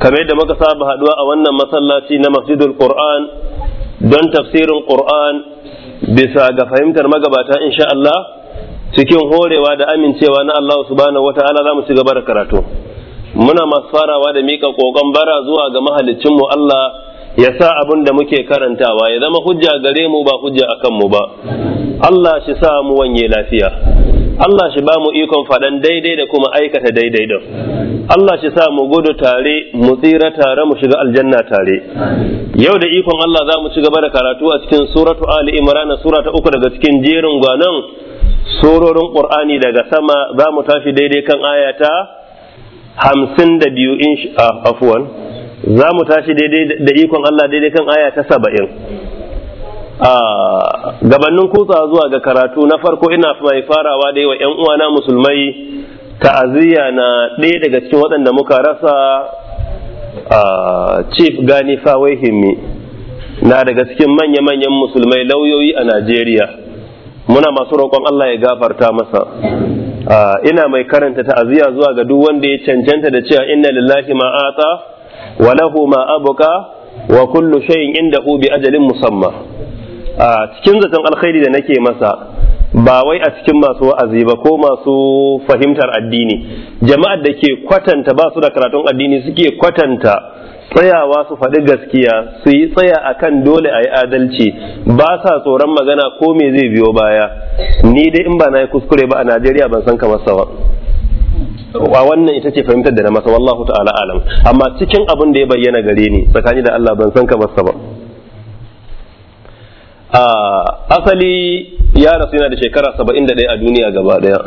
kamar yadda muka saba haduwa a wannan masallaci na masjidul qur'an don tafsirin qur'an bisa ga fahimtar magabata insha Allah cikin horewa da amincewa na Allah subhanahu wata'ala za mu ci gaba da karatu muna masu farawa da mika kokon bara zuwa ga mu Allah ya sa abin da muke karantawa ya zama hujja gare mu ba hujja akan mu ba Allah shi sa mu wanye lafiya Allah shi ba mu ikon faɗan daidai da kuma aikata daidai da Allah shi sa mu gudu tare mu tsira tare mu shiga aljanna tare yau da ikon Allah za mu ci gaba da karatu a cikin suratu Ali Imran sura ta uku daga cikin jerin gwanon surorin Qur'ani daga sama za mu tashi daidai kan ayata hamsin da biyu ah, afuwan za mu tashi daidai da ikon Allah daidai kan aya ta saba'in gabanin kutsa zuwa ga karatu na farko ina mai farawa da wa 'yan uwana musulmai ta'aziyya na ɗaya daga cikin waɗanda muka rasa chief gani fawai himmi na daga cikin manya-manyan musulmai lauyoyi a najeriya muna masu roƙon allah ya gafarta masa ina mai karanta ta'aziyya zuwa ga duk wanda ya cancanta da cewa inna lillahi ma'ata wa lahu ma abuka wa kullu shay'in inda bi ajalin musamma a cikin zaton alkhairi da nake masa ba wai a cikin masu wa'azi ba ko masu fahimtar addini jama'ar da ke kwatanta ba su da karatun addini suke kwatanta tsayawa su faɗi gaskiya su yi tsaya akan dole a yi adalci ba sa tsoron magana ko me zai biyo baya ni dai in ba na yi kuskure ba a najeriya ban san kamar sawa a wannan ita ce fahimtar da na masa wallahu ta'ala alam amma cikin abin da ya bayyana gare ni tsakani da allah ban san kamar sawa asali ya rasu yana da shekara saba'in da ɗaya a duniya gaba daya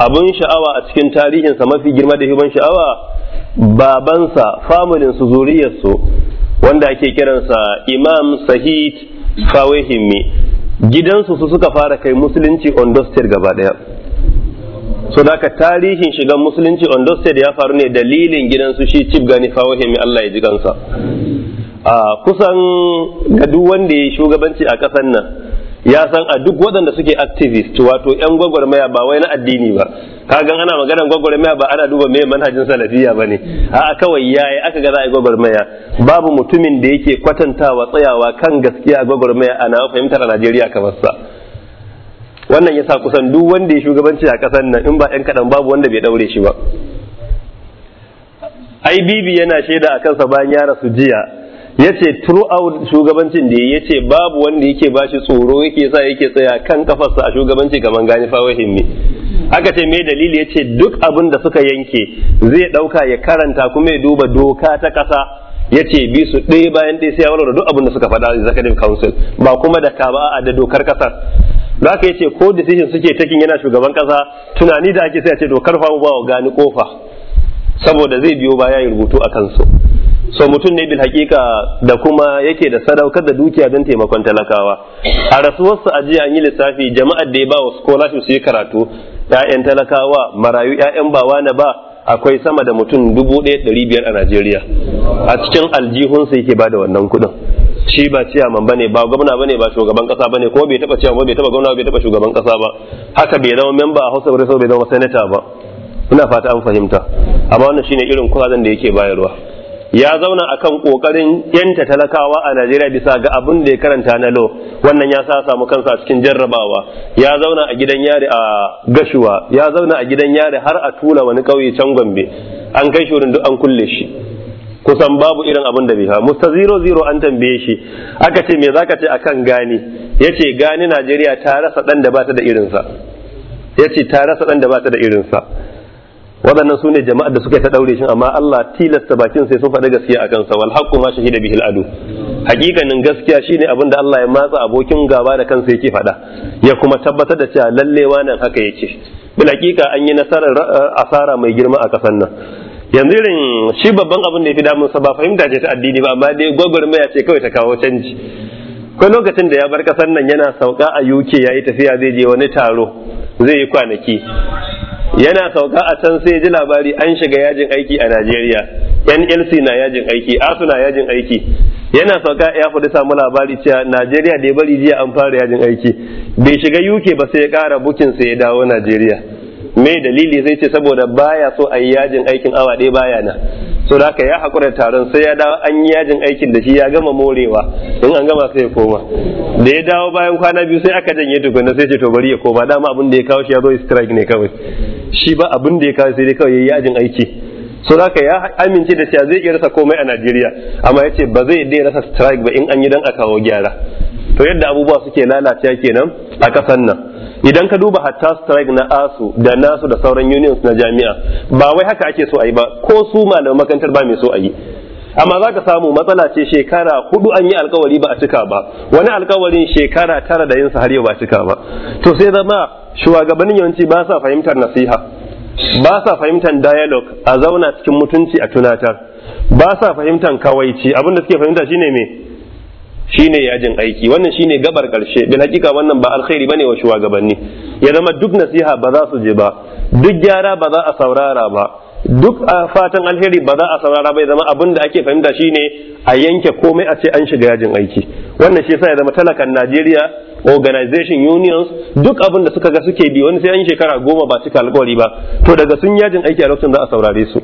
Abin sha'awa a cikin tarihinsa mafi girma da hiban sha'awa babansa familin su zuriyarsu wanda ake kiransa imam sahid kawehimmi gidansu su suka fara kai musulunci ondo state gaba daya so da tarihin shigan musulunci ondo state ya faru ne dalilin gidansu shi chief gani kawehimmi allah ya ji kansa a kusan ga duk wanda ya shugabanci a ƙasar nan ya san a duk waɗanda suke activist wato 'yan gwagwarmaya ba wai na addini ba kagan ana maganar gwagwarmaya ba ana duba mai manhajin salafiya ba ne a kawai ya yi aka ga za a yi gwagwarmaya babu mutumin da yake kwatantawa tsayawa kan gaskiya a gwagwarmaya ana fahimtar a najeriya kamar sa wannan ya sa kusan duk wanda ya shugabanci a ƙasar nan in ba 'yan kaɗan babu wanda bai ɗaure shi ba ibb yana shaida a kansa bayan ya rasu jiya yace throughout shugabancin da ya yace babu wanda yake bashi tsoro yake sa yake tsaya kan kafarsa a shugabanci kaman gani fa himmi aka ce mai dalili ya ce duk abin da suka yanke zai dauka ya karanta kuma ya duba doka ta kasa yace bi su ɗaya bayan ɗaya sai ya walwala duk abin da suka faɗa executive council ba kuma da ka ba da dokar kasar za ka ce ko decision suke takin yana shugaban kasa tunani da ake sai a ce dokar fa ba wa gani kofa saboda zai biyo baya ya rubutu a kansu so mutum ne bil hakika da kuma yake da sadaukar da dukiya don taimakon talakawa a rasuwarsa a jiya an yi lissafi jama'ar da ya ba wa scholarship su yi karatu ƴaƴan talakawa marayu ƴaƴan bawa na ba akwai sama da mutum dubu ɗaya ɗari biyar a Najeriya a cikin aljihun su yake ba da wannan kuɗin shi ba ciyaman bane ba gwamna bane ba shugaban kasa bane ko bai taba ciyaman bai taba gwamna bai taba shugaban kasa ba haka bai zama memba a House of bai zama senator ba ina fata an fahimta amma wannan shine irin kuɗaɗen da yake bayarwa ya zauna akan kokarin yanta talakawa a Najeriya bisa ga abin da ya karanta na lo wannan ya sa samu kansa cikin jarrabawa ya zauna a gidan yari a gashuwa ya zauna a gidan yari har a tura wani kauye can Gombe an kai shi wurin duk an kulle shi kusan babu irin abin da bai ha musta zero zero an tambaye shi aka ce me zaka ce akan gani yace gani Najeriya ta rasa dan da bata da irinsa yace ta rasa dan da bata da irinsa waɗannan su ne jama'ar da suka ta ɗaure shi amma Allah tilasta bakin sai sun faɗi gaskiya akan kansa wal haqqu ma shahida bihi al adu hakikanin gaskiya shine abin da Allah ya matsa abokin gaba da kansa yake faɗa ya kuma tabbatar da cewa lalle wannan haka yake bil haqiqa an yi nasarar eh, asara mai girma a kasan nan yanzu irin shi babban abin da ya fi damun sa ba fahimta ce ta addini ba amma dai gwagwarmaya ce kawai ta kawo canji kai lokacin da ya bar kasan nan yana sauka a UK ya yi tafiya zai je wani taro zai yi kwanaki yana sauka a can sai ji labari an shiga yajin aiki a Najeriya NLC na yajin aiki ASU na yajin aiki yana sauka ya fadi samu labari cewa Najeriya da ya bari jiya an fara yajin aiki bai shiga UK ba sai ya kara bukin sai ya dawo Najeriya Mai dalili zai ce saboda baya so a yi yajin aikin awa ɗaya baya na so da haka ya haƙura taron sai ya dawo an yi yajin aikin da shi ya gama morewa in an gama sai ya koma da ya dawo bayan kwana biyu sai aka janye tukunna sai ce to bari ya koma dama abin da ya kawo shi ya zo strike ne kawai shi ba abin da ya kawo sai dai kawai ya yi yajin aiki so da haka ya amince da cewa zai iya rasa komai a Najeriya amma ya ce ba zai dai rasa strike ba in an yi dan a kawo gyara to yadda abubuwa suke lalacewa kenan a kasan nan idan ka duba hatta strike na asu da nasu da sauran unions na jami'a ba wai haka ake so a yi ba ko su malaman makarantar ba mai so ayi. yi amma za ka samu matsala ce shekara hudu an yi alkawari ba a cika ba wani alkawarin shekara tara da yinsa har yau ba a cika ba to sai zama shugabannin yawanci ba sa fahimtar nasiha ba sa fahimtar dialogue a zauna cikin mutunci a tunatar ba sa fahimtar kawaici abin da suke fahimta shine me shine yajin aiki wannan shine gabar karshe bin hakika wannan ba alkhairi bane wa shugabanni ya zama duk nasiha ba za su je ba duk gyara ba za a saurara ba duk a fatan alheri ba za a saurara ba ya zama abin da ake fahimta shine a yanke komai a ce an shiga yajin aiki wannan shi yasa ya zama talakan Najeriya organization unions duk abin da suka ga suke bi wani sai an shekara goma ba cika alƙawari ba to daga sun yajin aiki a lokacin za a saurare su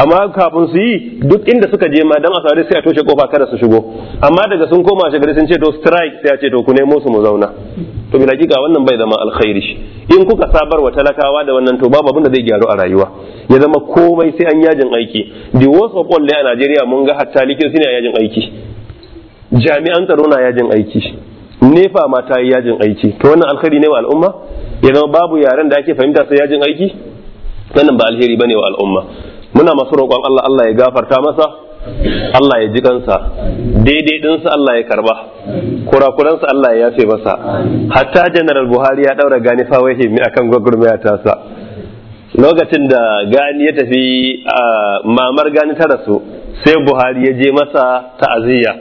amma kafin su yi duk inda suka je ma dan asare sai a toshe kofa kada su shigo amma daga sun koma gari sun ce to strike sai a ce to ku nemo su mu zauna to bi hakika wannan bai zama alkhairi in kuka sabar wa talakawa da wannan to babu abin da zai gyaru a rayuwa ya zama komai sai an yajin aiki the worst of all a Najeriya mun ga hatta likin suna yajin aiki jami'an tsaro na yajin aiki nefa ma ta yi yajin aiki to wannan alkhairi ne wa al'umma ya zama babu yaren da ake fahimta sai yajin aiki wannan ba alheri bane wa al'umma muna masu roƙon Allah Allah ya gafarta masa Allah ya ji kansa daidai dinsa Allah ya karba kurakuransa Allah ya yafe masa hatta general Buhari ya daura gani himmi akan gwagwarmaya sa, lokacin da gani ya tafi mamar gani ta rasu sai buhari ya je masa ta'aziyya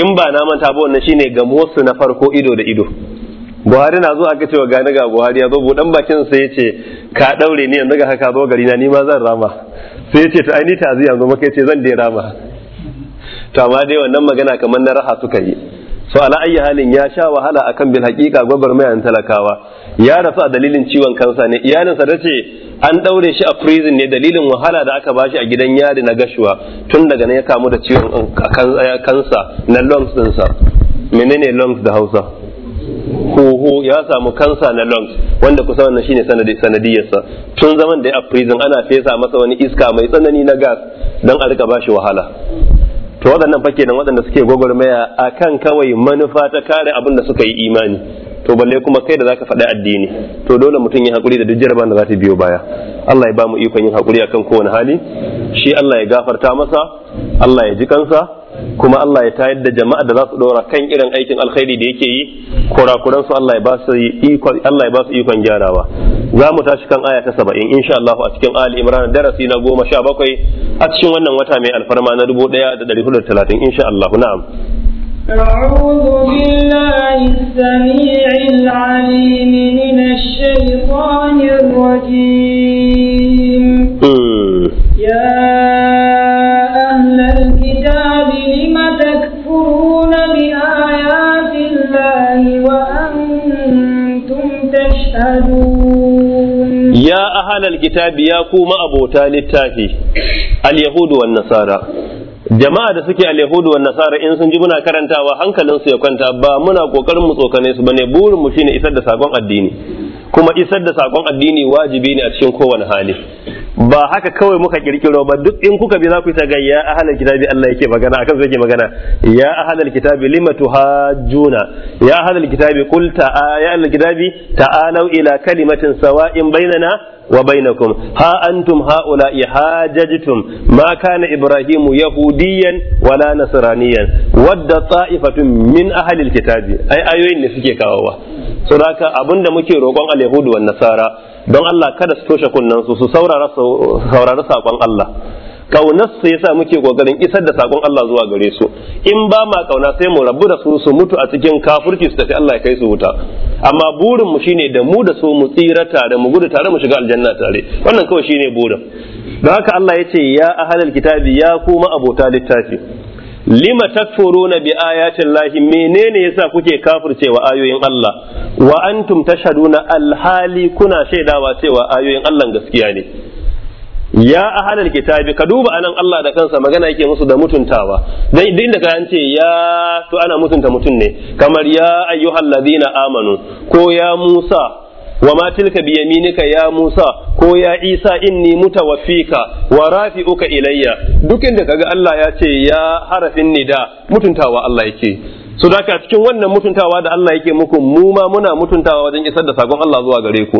in ba na manta ba wannan shine musu na farko ido da ido buhari na zuwa aka cewa gane ga buhari ya zo buɗan bakin sai ya ce ka ɗaure ni yanzu ga haka zo gari na ni zan rama sai ya ce ta aini ta yanzu maka ya ce zan dai rama to amma dai wannan magana kamar na raha suka yi so ala ayi halin ya sha wahala akan bil haqiqa gwabar mayan talakawa ya rasu a dalilin ciwon kansa ne iyalinsa ta ce an daure shi a prison ne dalilin wahala da aka bashi a gidan yari na gashuwa tun daga nan ya kamu da ciwon kansa na lungs dinsa menene lungs da Hausa huhu ya samu kansa na lungs wanda kusa wannan shine sanadi sanadiyarsa tun zaman da ya prison ana fesa masa wani iska mai tsanani na gas dan a rika bashi wahala to waɗannan fake nan waɗanda suke gwagwarmaya akan kawai manufa ta kare abin da suka yi imani to balle kuma kai da zaka faɗi addini to dole mutum ya hakuri da duk jarabar da za ta biyo baya Allah ya ba mu ikon yin hakuri akan kowane hali shi Allah ya gafarta masa Allah ya ji kansa kuma Allah ya tayar da jama'a da za su dora kan irin aikin alkhairi da yake yi kurakuran su Allah ya ba su ikon Allah ya ba su ikon gyarawa za mu tashi kan aya ta 70 insha Allah a cikin Ali Imran darasi na 17 a cikin wannan wata mai alfarma na 1430 insha Allah na'am أعوذ بالله السميع العليم من الشيطان الرجيم يا لم تكفرون بآيات الله وأنتم تشهدون يا أهل الكتاب يا كوم أبو تالي اليهود والنصارى jama'a da suke alyahudu wan nasara in sun ji muna karantawa hankalinsu ya kwanta ba muna kokarin mu tsokane su bane burin mu shine isar da sakon addini kuma isar da saƙon addini wajibi ne a cikin kowane hali ba haka kawai muka kirkiro ba duk in kuka bi za ku yi ta ga ya ahlal kitabi Allah yake magana akan zai yake magana ya ahlal kitabi lima tuhajjuna ya ahlal kitabi qul ta, ya ahlal kitabi ta'alu ila kalimatin sawa'in bainana wa bainakum ha antum haula ihajajtum maka na ibrahimu yahudiyan wala nasraniyan wadda ta'ifatun min ahli alkitabi ai ayoyin ne suke kawowa saboda abinda muke roƙon alyahudu wan nasara don Allah kada su toshe kunnen su su saurara sakon Allah kaunar su yasa muke kokarin isar da sakon Allah zuwa gare su in ba ma kauna sai mu rabu da su su mutu a cikin kafirci su tafi Allah ya kai su wuta amma burin mu shine da mu da su mu tsira tare mu gudu tare mu shiga aljanna tare wannan kawai shine burin don haka Allah ya ce ya ahlal kitabi ya kuma abota littafi lima takfuruna bi ayatin lahi menene yasa kuke kafircewa ayoyin Allah wa antum tashhaduna alhali kuna shaidawa cewa ayoyin Allah gaskiya ne ya ahalar kitabi ka duba anan Allah da kansa magana yake musu da mutuntawa dan inda ka ce ya to ana mutunta mutun ne kamar ya ayyuhal ladina amanu ko ya Musa wa ma tilka bi yaminika ya Musa ko ya Isa inni mutawaffika wa rafi'uka ilayya duk inda kaga Allah ya ce ya harafin nida mutuntawa Allah yake so da haka cikin wannan mutuntawa da Allah yake muku mu ma muna mutuntawa wajen isar da sakon Allah zuwa gare ku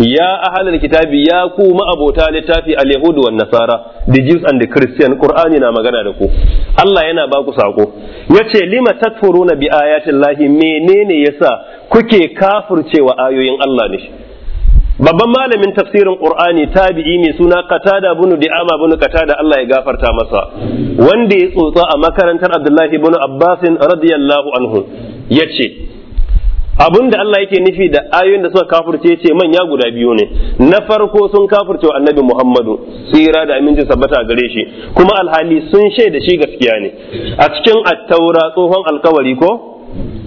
ya ahalul kitabi ya ku abota littafi al yahudu wan nasara the jews and the christian qur'ani na magana da ku Allah yana ba ku sako yace lima tatfuruna bi ayati llahi menene yasa kuke kafircewa ayoyin Allah ne babban malamin tafsirin qur'ani tabi'i mai suna qatada bunu di'ama bunu qatada Allah ya gafarta masa wanda ya tsotsa a makarantar Abdullahi ibn Abbas radiyallahu anhu yace Abun da Allah yake nufi da ayoyin da suka kafirce ce manya guda biyu ne na farko sun kafirce wa annabi Muhammadu tsira da aminci sabbata gare shi kuma alhali sun shaida shi gaskiya ne a cikin at-taura tsohon alkawari ko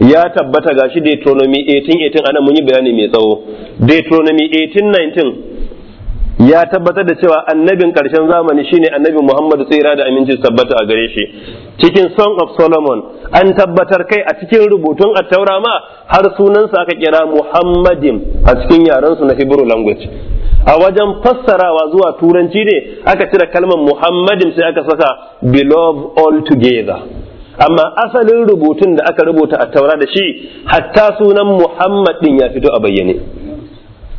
ya tabbata gashi Deuteronomy 18:18 anan mun yi bayani mai tsawo Deuteronomy 18:19 ya tabbatar da cewa annabin karshen zamani shine annabi muhammadu tsira da aminci tabbata a gare shi cikin Song of Solomon an tabbatar kai a cikin rubutun attaura ma har sunansa aka kira Muhammadin a cikin yaran su na Hebrew language a wajen fassarawa zuwa turanci ne aka cire kalmar Muhammadin sai aka saka beloved all together amma asalin rubutun da aka rubuta a taura da shi hatta sunan muhammad din ya fito a bayyane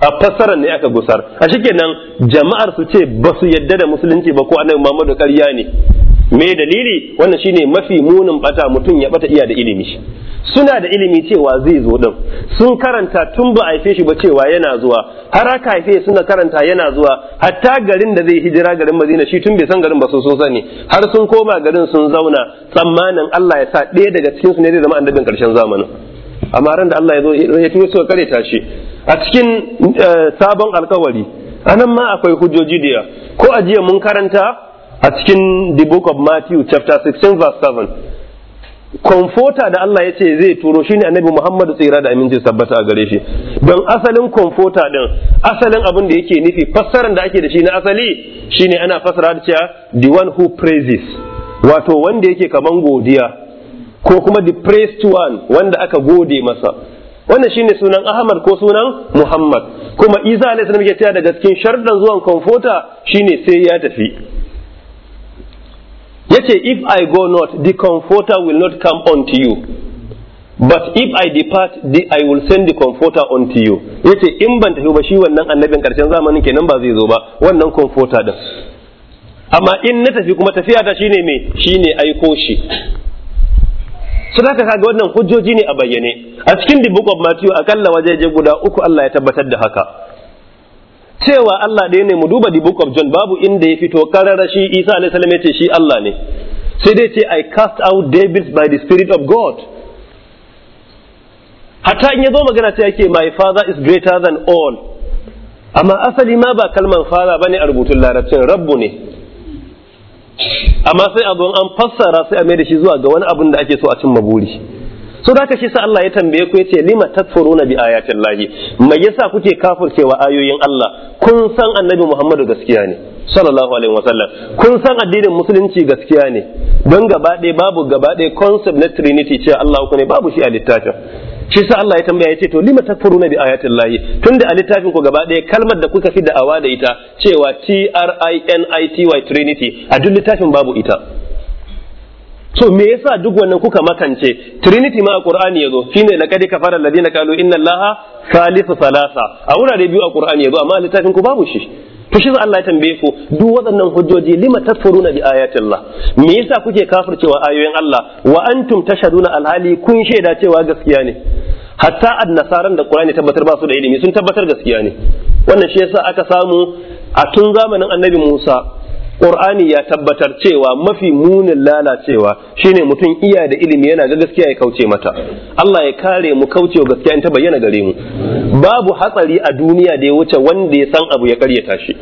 a fassarar ne aka gusar a nan jama'ar su ce ba su yadda da musulunci ba ko annabi muhammadu ƙarya ne me dalili wannan shine mafi munin bata mutum ya bata iya da ilimi suna da ilimi cewa zai zo din sun karanta tun ba haife shi ba cewa yana zuwa har aka haife suna karanta yana zuwa hatta garin da zai hijira garin Madina shi tun bai san garin ba su so sani har sun koma garin sun zauna tsammanin Allah ya sa ɗaya daga cikin su ne zai zama annabin karshen zamanin amma ran da Allah ya zo ya tuno suka kare shi a cikin eh, sabon alkawari anan ma akwai hujjoji da ko ajiya mun karanta a cikin the book of Matthew chapter 16 verse 7 comforter da Allah ya ce zai turo shi ne annabi Muhammadu tsira da aminci sabbata a gare shi don asalin comforter din asalin abin da yake nufi fassarar da ake da shi na asali shine ana fassara da cewa the one who praises wato wanda yake kaman godiya ko kuma the praised one wanda aka gode masa wannan shine sunan Ahmad ko sunan Muhammad kuma Isa alaihi salam yake cewa daga cikin sharɗan zuwan comforter shine sai ya tafi yace if I go not the comforter will not come unto you but if I depart the, I will send the comforter unto you yace in ban tafi ba shi wannan annabin karshen zamanin kenan ba zai zo ba wannan comforter din amma in na tafi kuma tafiya ta shine me shine aiko shi sun haka kaga wannan hujjoji ne a bayyane a cikin the book of Matthew akalla wajeje guda uku Allah ya tabbatar da haka cewa Allah ɗaya ne mu duba the book of John babu inda ya fito karara shi Isa alaihi salam yace shi Allah ne sai dai ce I cast out devils by the spirit of God Hata in ya zo magana sai yake my father is greater than all amma asali ma ba kalman fara bane a rubutun larabcin rabbu ne amma sai a zo an fassara sai a mai da shi zuwa ga wani abun da ake so a cimma buri so da shi sa Allah ya tambaye ku yace lima na bi ayatin lahi mai yasa kuke kafircewa ayoyin Allah kun san annabi Muhammadu gaskiya ne sallallahu alaihi wasallam kun san addinin musulunci gaskiya ne don gaba ɗaya babu gaba ɗaya concept na trinity cewa Allah ku ne babu shi a littafin shi sa Allah ya tambaya yace to lima takfuruna bi ayatin lahi tunda a littafin ku gaba ɗaya kalmar da kuka fi da'awa da ita cewa T R I N I T Y trinity a duk littafin babu ita so me yasa duk wannan kuka makance trinity ma a qur'ani yazo shine kadika fara alladhina qalu inna allaha Salisu thalatha a wurare biyu a qur'ani yazo amma littafin ku babu shi to shi Allah ya tambaye ku duk waɗannan hujjoji lima tafuruna bi ayatillah me yasa kuke kafircewa ayoyin Allah wa antum tashhaduna alhali kun shaida cewa gaskiya ne hatta annasaran da qur'ani tabbatar ba su da ilimi sun tabbatar gaskiya ne wannan shi yasa aka samu a tun zamanin annabi Musa Qur'ani ya tabbatar cewa mafi munin lalacewa shine mutum iya da ilimi yana ga gaskiya ya kauce mata. Allah ya kare mu kauce wa gaskiya in ta bayyana gare mu. Babu hatsari a duniya da ya wuce wanda ya san abu ya karyata tashi.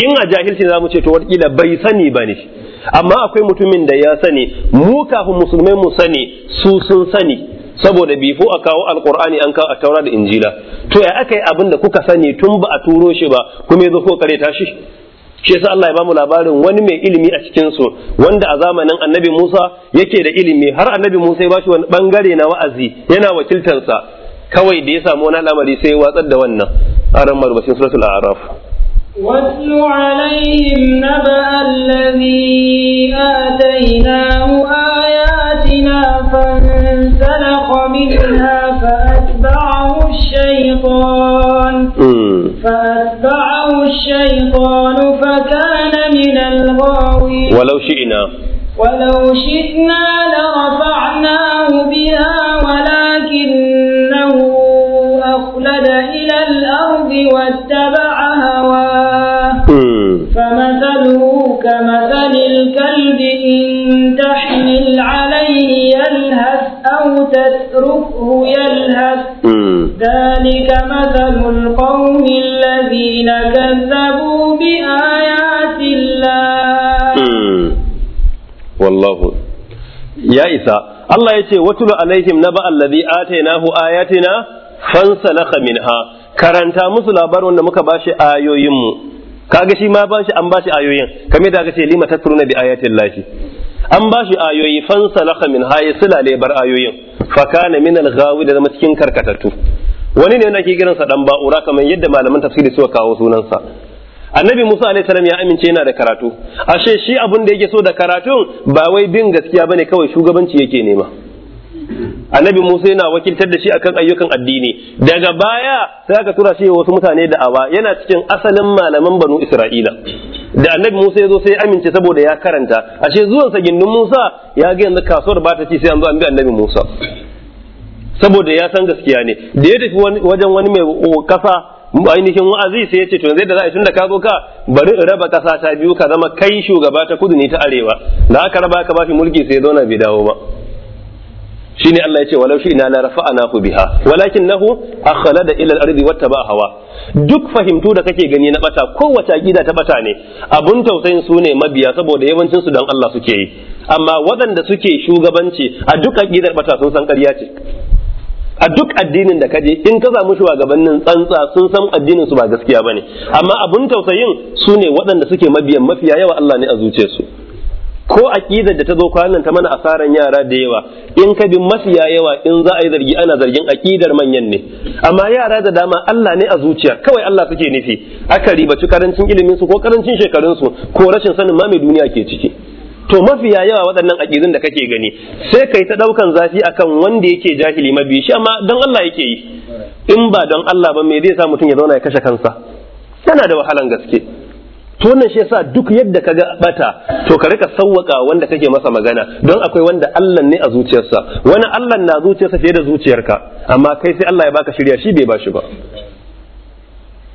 In a jahilci za mu ce to watakila bai sani ba ne. Amma akwai mutumin da ya sani mu kafin musulmai mu sani su sun sani saboda bifo a kawo alkur'ani an kawo a taura da injila to ya aka yi abin da kuka sani tun ba a turo shi ba kuma ya zo ko kare tashi shi yasa Allah ya bamu labarin wani mai ilimi a cikin su wanda a zamanin Annabi Musa yake da ilimi har Annabi Musa ya bashi wani bangare na wa'azi yana wakiltar sa kawai da ya samu wani al'amari sai ya watsar da wannan aran marbacin suratul a'raf واتل عليهم نبأ الذي الشيطان فأتبعه الشيطان فكان من الغاوين ولو شئنا ولو شئنا لرفعناه بها ولكنه أخلد إلى الأرض واتبع هواه فمثله كمثل الكلب إن تحمل عليه يلهث أو تتركه ya isa Allah ya ce watulu alaihim na ba'allazi atainahu ayatina fansalakha minha karanta musu labarin wanda muka bashi ayoyinmu kaga shi ma bashi an bashi ayoyin kamar da aka ce lima tatruna bi ayatin lahi an ba shi ayoyi na min haye sulale bar ayoyin fakana min al-ghawi da cikin karkatattu wani ne nake kiran sa dan ba'ura kamar yadda malaman tafsiri suka kawo sunansa annabi Musa alaihi salam ya amince yana da karatu ashe shi abin da yake so da karatun ba wai bin gaskiya bane kawai shugabanci yake nema annabi Musa yana wakiltar da shi akan ayyukan addini daga baya sai aka tura shi wasu mutane da awa yana cikin asalin malaman banu Isra'ila da annabi Musa ya zo sai amince saboda ya karanta ashe zuwan sa gindin Musa ya ga yanzu kasuwar ba ta ci sai an zo an bi annabi Musa saboda ya san gaskiya ne da ya tafi wajen wani mai kasa ainihin wa'azi sai ya ce to yanzu da za a tun da ka zo ka bari in raba kasa ta biyu ka zama kai shugaba ta kudu ne ta arewa da aka raba ka ba shi mulki sai ya zauna bai dawo ba shine Allah yace ce walau shi la rafa'anahu biha walakin nahu akhlada ila al-ardi wattaba hawa duk fahimtu da kake gani na bata kowace gida ta bata ne abun tausayin su ne mabiya saboda yawancin su dan Allah suke yi amma waɗanda suke shugabanci a duk akidar bata sun san ƙarya ce a duk addinin da kaje in ka samu shugabannin tsantsa sun san addinin su ba gaskiya bane amma abun tausayin su ne waɗanda suke mabiyan mafiya yawa Allah ne a zuciyarsu ko aqidar da ta zo kwanan ta mana asaran yara da yawa in ka bi masiya yawa in za a yi zargi ana zargin aqidar manyan ne amma yara da dama Allah ne a zuciya kawai Allah suke nufi aka ribaci karancin ilimin su ko karancin shekarun su ko rashin sanin ma mai duniya ke ciki to mafiya yawa waɗannan aqidun da kake gani sai kai ta daukan zafi akan wanda yake jahili mabi shi amma don Allah yake yi in ba don Allah ba me zai sa mutum ya zauna ya kashe kansa yana da wahalan gaske to wannan shi yasa duk yadda kaga bata to ka rika sawwaka wanda kake masa magana don akwai wanda Allah ne a zuciyarsa wani Allah na zuciyarsa fiye da zuciyarka amma kai sai Allah ya baka shirya shi bai bashi ba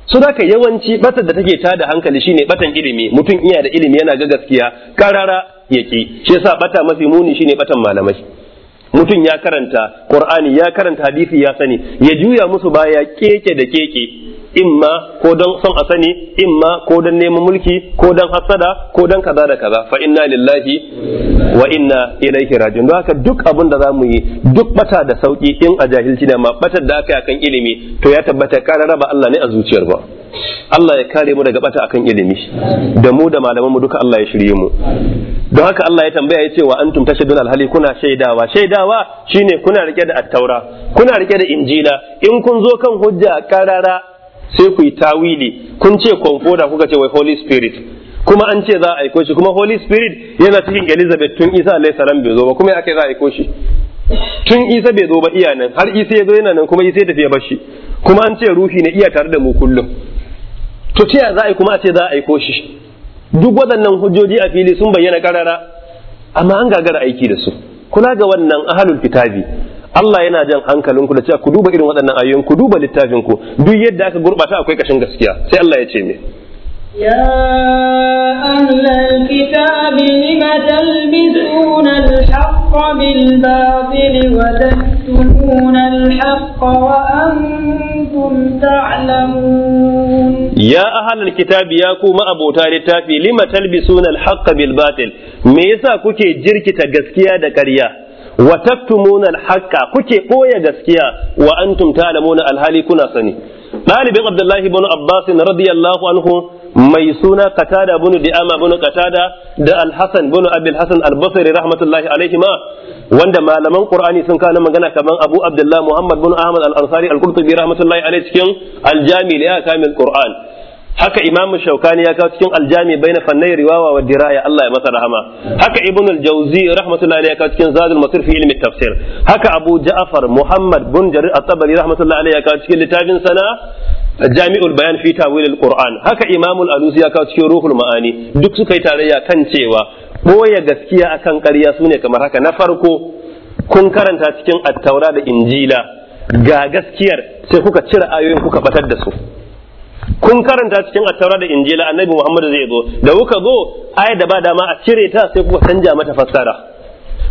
su da yawanci batar da take tada hankali shine batan ilimi mutum iya da ilimi yana ga gaskiya karara yaki shi yasa bata mafi muni shine batan malamai mutum ya karanta qur'ani ya karanta hadisi ya sani ya juya musu baya keke da keke imma ko don son a sani imma ko don neman mulki ko don hasada ko don kaza da kaza fa inna lillahi wa inna ilaihi rajiun don haka duk abin da zamu yi duk bata da sauki in a jahilci da ma batar da aka yi akan ilimi to ya tabbata karara raba Allah ne a zuciyar ba Allah ya kare mu daga bata akan ilimi da mu da malaman mu duka Allah ya shirye mu don haka Allah ya tambaya ya ce wa antum tashhadun alhali kuna shaidawa shaidawa shine kuna rike da attaura kuna rike da injila in kun zo kan hujja karara sai ku yi tawili kun ce comforter kuka ce wai holy spirit kuma an ce za a aiko shi kuma holy spirit yana cikin elizabeth tun isa alayhi salam bai zo ba kuma aka za a aiko shi tun isa bai zo ba iya nan har isa ya zo yana nan kuma isa ya tafi ya bar shi kuma an ce ruhi ne iya tare da mu kullum to ce za a yi kuma a ce za a aiko shi duk waɗannan hujjoji a fili sun bayyana karara amma an gagara aiki da su kula ga wannan ahalul kitabi Allah yana jan hankalin ku da cewa ku duba irin waɗannan ayoyin ku duba littafin ku duk yadda aka gurɓata akwai kashin gaskiya sai Allah ya ce me Ya ahlal kitabi lima al Ya kitabi ya ku ma abota littafi lima talbisuna al-haqq bil batil me yasa kuke jirkita gaskiya da ƙarya wa taktumuna al kuke koya gaskiya wa antum ta'lamuna al alhali kuna sani ɗalibin abdullahi ibn abbas radiyallahu anhu mai suna katada bin di'ama bin qatada da alhassan bin abil hasan albasri rahmatullahi alaihima wanda malaman qur'ani sun kana magana kaman abu abdullah muhammad bin ahmad al-ansari al-qurtubi rahmatullahi alaihi cikin al-jami li qur'an haka imamu shaukani ya kawo cikin aljami baina fannai riwawa wa diraya Allah ya masa rahama haka ibn al-jawzi rahmatullahi ya kawo cikin zadul masir fi ilmi tafsir haka abu ja'far muhammad bin jarir at-tabari rahmatullahi ya kawo cikin littafin sana jami'ul bayan fi tawil al-qur'an haka imamu al-alusi ya kawo cikin ruhul ma'ani duk suka yi tarayya kan cewa boye gaskiya akan ƙarya sune kamar haka na farko kun karanta cikin at-taura da injila ga gaskiyar sai kuka cire ayoyin kuka batar da su kun karanta cikin attaura da injila annabi muhammad zai zo da wuka zo aya da ba dama a cire ta sai kuka canja mata fassara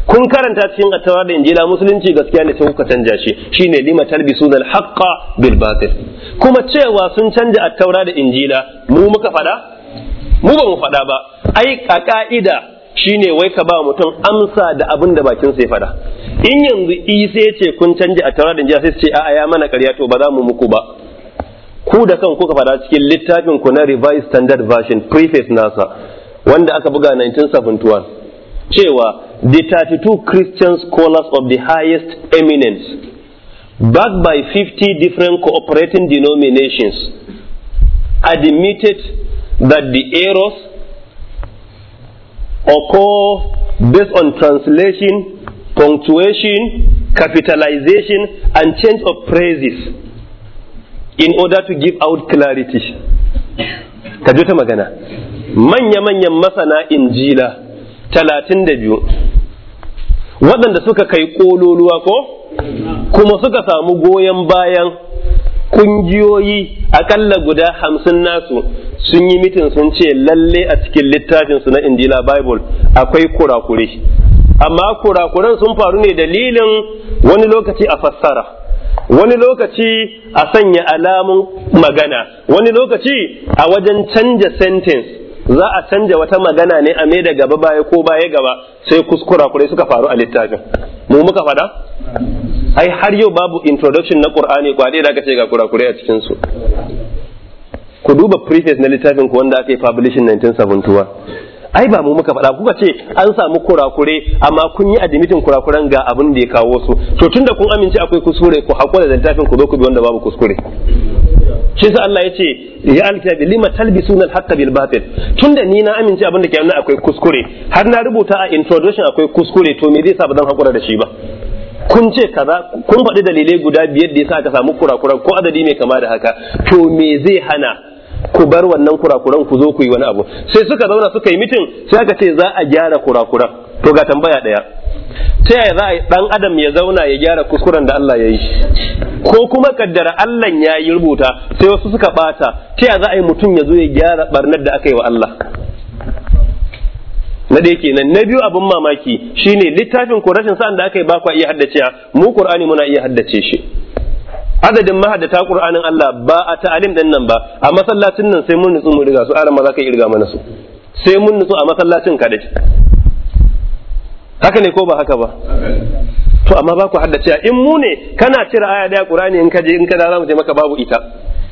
kun karanta cikin attaura da injila musulunci gaskiya ne sai kuka canja shi shine lima talbisun al-haqqa bil batil kuma cewa sun canja attaura da injila mu muka fada mu ba mu fada ba ai a ka'ida shine wai ka ba mutum amsa da abin da bakin sai fada in yanzu isa ce kun canja a taura da injila, sai ce a'a ya mana karya to ba za mu muku ba ku da kan kuka faɗa cikin littafin ku na revised standard version preface nasa wanda aka buga 1971 cewa the 32 Christian scholars of the highest eminence backed by 50 different cooperating denominations admitted that the errors occur based on translation, punctuation, capitalization, and change of phrases in order to give out clarity ka ta magana manya-manyan masana injila talatin da biyu waɗanda suka kai ƙololuwa ko kuma suka samu goyon bayan ƙungiyoyi akalla guda hamsin nasu sun yi mitin sun ce lalle a cikin littafinsu na injila bible akwai kurakure amma kurakuren sun faru ne dalilin wani lokaci a fassara wani lokaci a sanya alamun magana wani lokaci a wajen canja sentence za a canja wata magana ne a mai da gaba baya ko baya gaba sai kuskura kurai suka faru a littafin mu muka fada ai har yau babu introduction na qur'ani kwade da aka ce kura kurakure a cikin su ku duba preface na littafin ku wanda aka yi publishing 1971 ai ba mu muka faɗa kuka ce an samu kurakure amma kun yi admitin kurakuran ga abin da ya kawo su to tunda kun amince akwai kuskure ku hakura da littafin ku zo ku bi wanda babu kuskure shi sa Allah ya ce ya alkitabi lima talbisuna alhaqqa bil batil tunda ni na amince abin da ke nan akwai kuskure har na rubuta a introduction akwai kuskure to me zai sa ba zan hakura da shi ba kun ce kaza kun faɗi dalilai guda biyar da ya sa aka samu kurakura ko adadi mai kama da haka to me zai hana ku bar wannan kurakuran ku zo ku yi wani abu sai suka zauna suka yi mitin sai aka ce za a gyara kurakuran to ga tambaya daya ta yaya za a yi dan adam ya zauna ya gyara kuskuren da Allah ya yi ko kuma kaddara Allah ya yi rubuta sai wasu suka bata ta yaya za a yi mutum ya zo ya gyara barnar da aka yi wa Allah na ɗaya kenan na biyu abin mamaki shine littafin ko rashin sa'an da aka yi ba iya haddace mu qur'ani muna iya haddace shi adadin mahaddata qur'anin Allah ba a ta'alim din nan ba a masallacin nan sai mun nutsu mu riga su aran ma za irga mana su sai mun nutsu a masallacin kadai haka ne ko ba haka ba to amma ba ku haddace in mu ne kana cire aya daya qur'ani in ka je in ka za mu je maka babu ita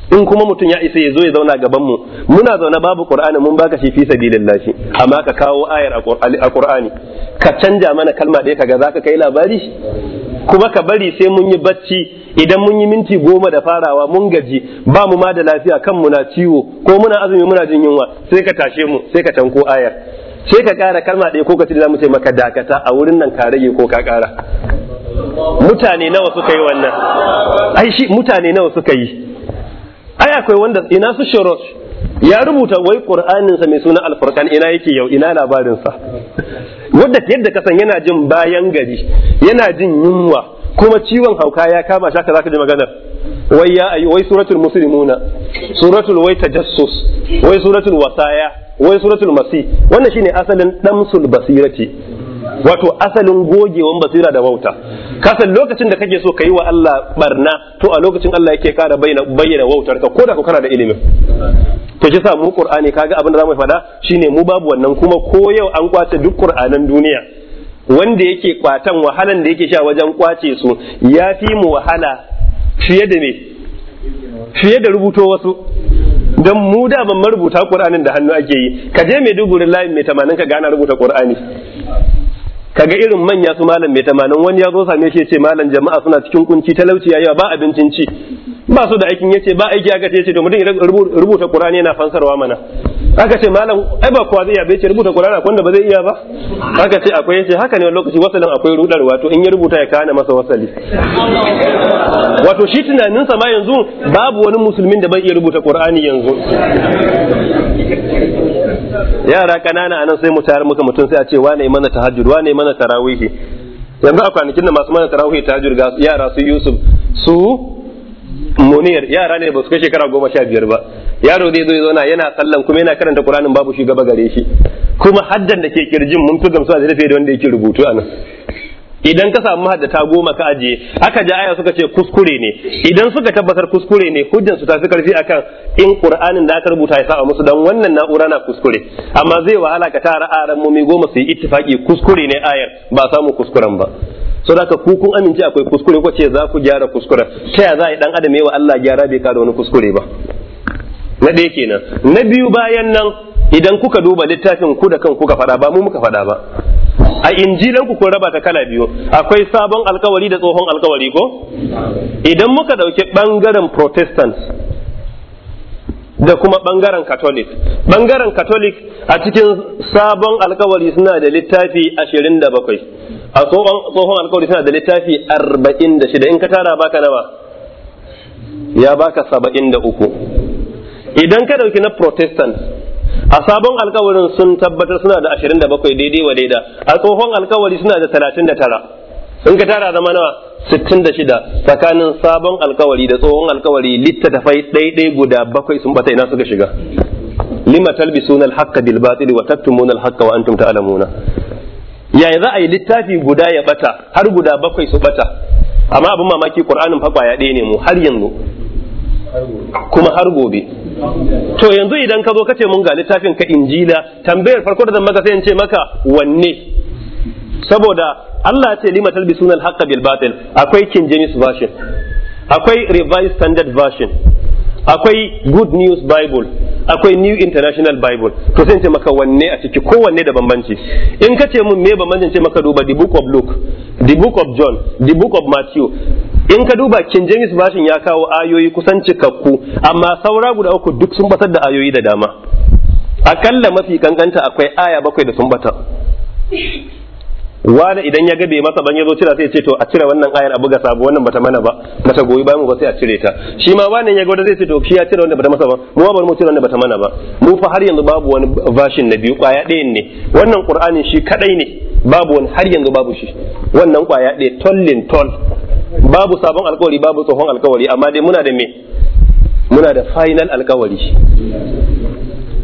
in kuma mutum ya isa ya zo ya zauna gaban mu muna zauna babu qur'ani mun baka shi fi sabilillahi amma ka kawo ayar a qur'ani ka canja mana kalma ɗaya ga zaka kai labari kuma ka bari sai mun yi bacci idan mun yi minti goma da farawa mun gaji ba mu ma da lafiya kan na ciwo ko muna azumi muna jin yunwa sai ka tashe mu sai ka tanko ayar sai ka ƙara kalma ɗaya ko ka za mu ce maka dakata a wurin nan ka rage ko ka ƙara mutane nawa suka yi wannan ai shi mutane nawa suka yi ai akwai wanda ina su shirosh ya rubuta wai qur'aninsa mai suna alfurkan ina yake yau ina labarinsa wadda yadda ka san yana jin bayan gari yana jin yunwa kuma ciwon hauka ya kama shaka zaka ji maganar wai ya ayi wai suratul muslimuna suratul wai tajassus wai suratul wasaya wai suratul masi wannan shine asalin damsul basirati wato asalin gogewan basira da wauta kasan lokacin da kake so ka yi wa Allah barna to a lokacin Allah yake kara bayyana wautar ka ko da ku kana da ilimin to shi sa mu qur'ani kaga abin da zamu faɗa shine mu babu wannan kuma ko yau an kwace duk qur'anan duniya wanda yake kwatan wahalan da yake sha wajen kwace su ya fi mu wahala fiye da me fiye da rubuto wasu don mu da ban marubuta qur'anin da hannu ake yi ka je mai dubu layin mai tamanin ka gana rubuta qur'ani kaga irin manya su malam mai tamanin wani ya zo same shi ce malam jama'a suna cikin kunci talauci yayi ba abincin ci ba su da aikin yace ba aiki aka ce to mutum rubuta qur'ani yana fansarwa mana aka ce malam ai ba kowa zai iya bai ce rubuta qur'ani akwai wanda ba zai iya ba aka ce akwai yace haka ne lokaci wasalin akwai rudar wato? in ya rubuta ya kana masa wasali wato shi sa ma yanzu babu wani musulmin da bai iya rubuta qur'ani yanzu yara kanana anan sai mu tare muka mutum sai a ce wane mana tahajjud wane mana tarawih yanzu a kwanakin da masu mana tarawih tahajjud ga yara su Yusuf su muniyar yara ne ba su kai shekara goma sha biyar ba yaro zai zo ya zauna yana sallan kuma yana karanta qur'anin babu shi gaba gare shi kuma haddan da ke kirjin mun fi gamsuwa da rufe da wanda yake rubutu anan idan ka samu ta goma ka ajiye aka ji aya suka ce kuskure ne idan suka tabbatar kuskure ne hujjan su fi karfi akan in qur'anin da aka rubuta ya sa musu dan wannan na'ura na kuskure amma zai wahala ka tara aran mumi goma su yi ittifaki kuskure ne ayar ba samu kuskuren ba so da ka kun amince akwai kuskure ko ce za ku gyara kuskuren ta ya za a yi dan adam yawa Allah gyara bai kada wani kuskure ba na ɗaya kenan na biyu bayan nan idan kuka duba littafin ku da kanku ka fada ba mu muka fada ba a injilanku ku kun raba ta kala biyu akwai sabon alkawari da tsohon alkawari ko idan muka dauke bangaren protestant da kuma bangaren catholic bangaren catholic a cikin sabon alkawari suna da littafi 27 a tsohon alkawari suna da littafi 46 in ka tara baka nawa ya baka 73 idan ka dauki na protestant a sabon alkawarin sun tabbatar suna da 27 daidai wa daida a tsohon alkawari suna da 39 in ka tara zama nawa 66 tsakanin sabon alkawari da tsohon alkawari littattafai daidai guda bakwai sun bata ina suka shiga lima talbi sunan haqqa bil batil wa taktumuna al-haqqa wa antum ta'lamuna yaya za a yi littafi guda ya bata har guda bakwai su bata amma abin mamaki qur'anin fa ya ɗaya ne mu har yanzu kuma har gobe to yanzu idan ka zo ka ce mun ga littafin ka injila tambayar farko da zan maka sai in ce maka wanne saboda Allah ce lima talbisuna al-haqqa bil batil akwai King James version akwai Revised Standard version akwai Good News Bible akwai New International Bible to sai ce maka wanne a ciki kowanne da bambanci in ka ce mun me bambancin ce maka duba the book of Luke the book of John the book of Matthew in ka duba kin James Version ya kawo ayoyi kusan cikakku amma saura guda uku duk sun batar da ayoyi da dama akalla mafi kankanta akwai aya bakwai da sun bata wani idan ya ga bai masa ban ya zo cira sai ya ce to a cire wannan ayar a buga sabo wannan bata mana ba bata goyi ba mu ba sai a cire ta shi ma wani ya ga wanda zai ce to shi ya cire wanda bata masa ba mu ba mu cire wanda bata mana ba mu fa har yanzu babu wani version na biyu kwaya ɗayan ne wannan qur'anin shi kadai ne babu wani har yanzu babu shi wannan kwaya ɗaya tollin toll babu sabon alkawari babu tsohon alkawari amma dai muna da me muna da final alkawari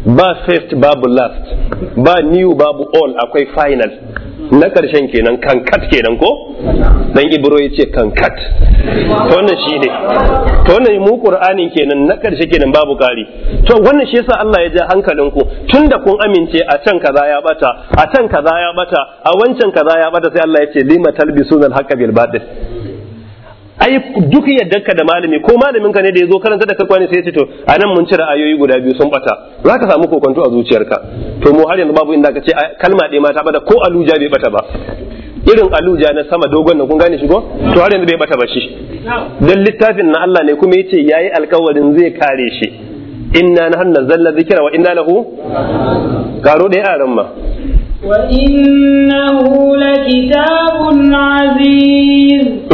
ba first babu last ba new babu all akwai final na karshen kenan kankat kenan ko dan ibro ya ce kat. to wannan ne to wannan mu qur'anin kenan na karshe kenan babu kari to wannan shi yasa Allah ya ja hankalin ku tunda kun amince a can kaza ya bata a can kaza ya bata a wancan kaza ya bata sai Allah ya ce lima talbisuna al-haqqa bil ai duk ka da malami ko malamin ka ne da yazo karanta da kakwani sai ya ce to nan mun cire ayoyi guda biyu sun bata ka samu kokonto a zuciyarka to mu har yanzu babu inda ka ce kalma ɗaya ma ta bada ko aluja bai bata ba irin aluja na sama dogon na kun gane shi ko to har yanzu bai bata ba shi dan littafin na Allah ne kuma yace yayi alkawarin zai kare shi inna nahnu nazzalna dhikra wa inna lahu karo da yaran ma Wa in na hula kitabun Aziz?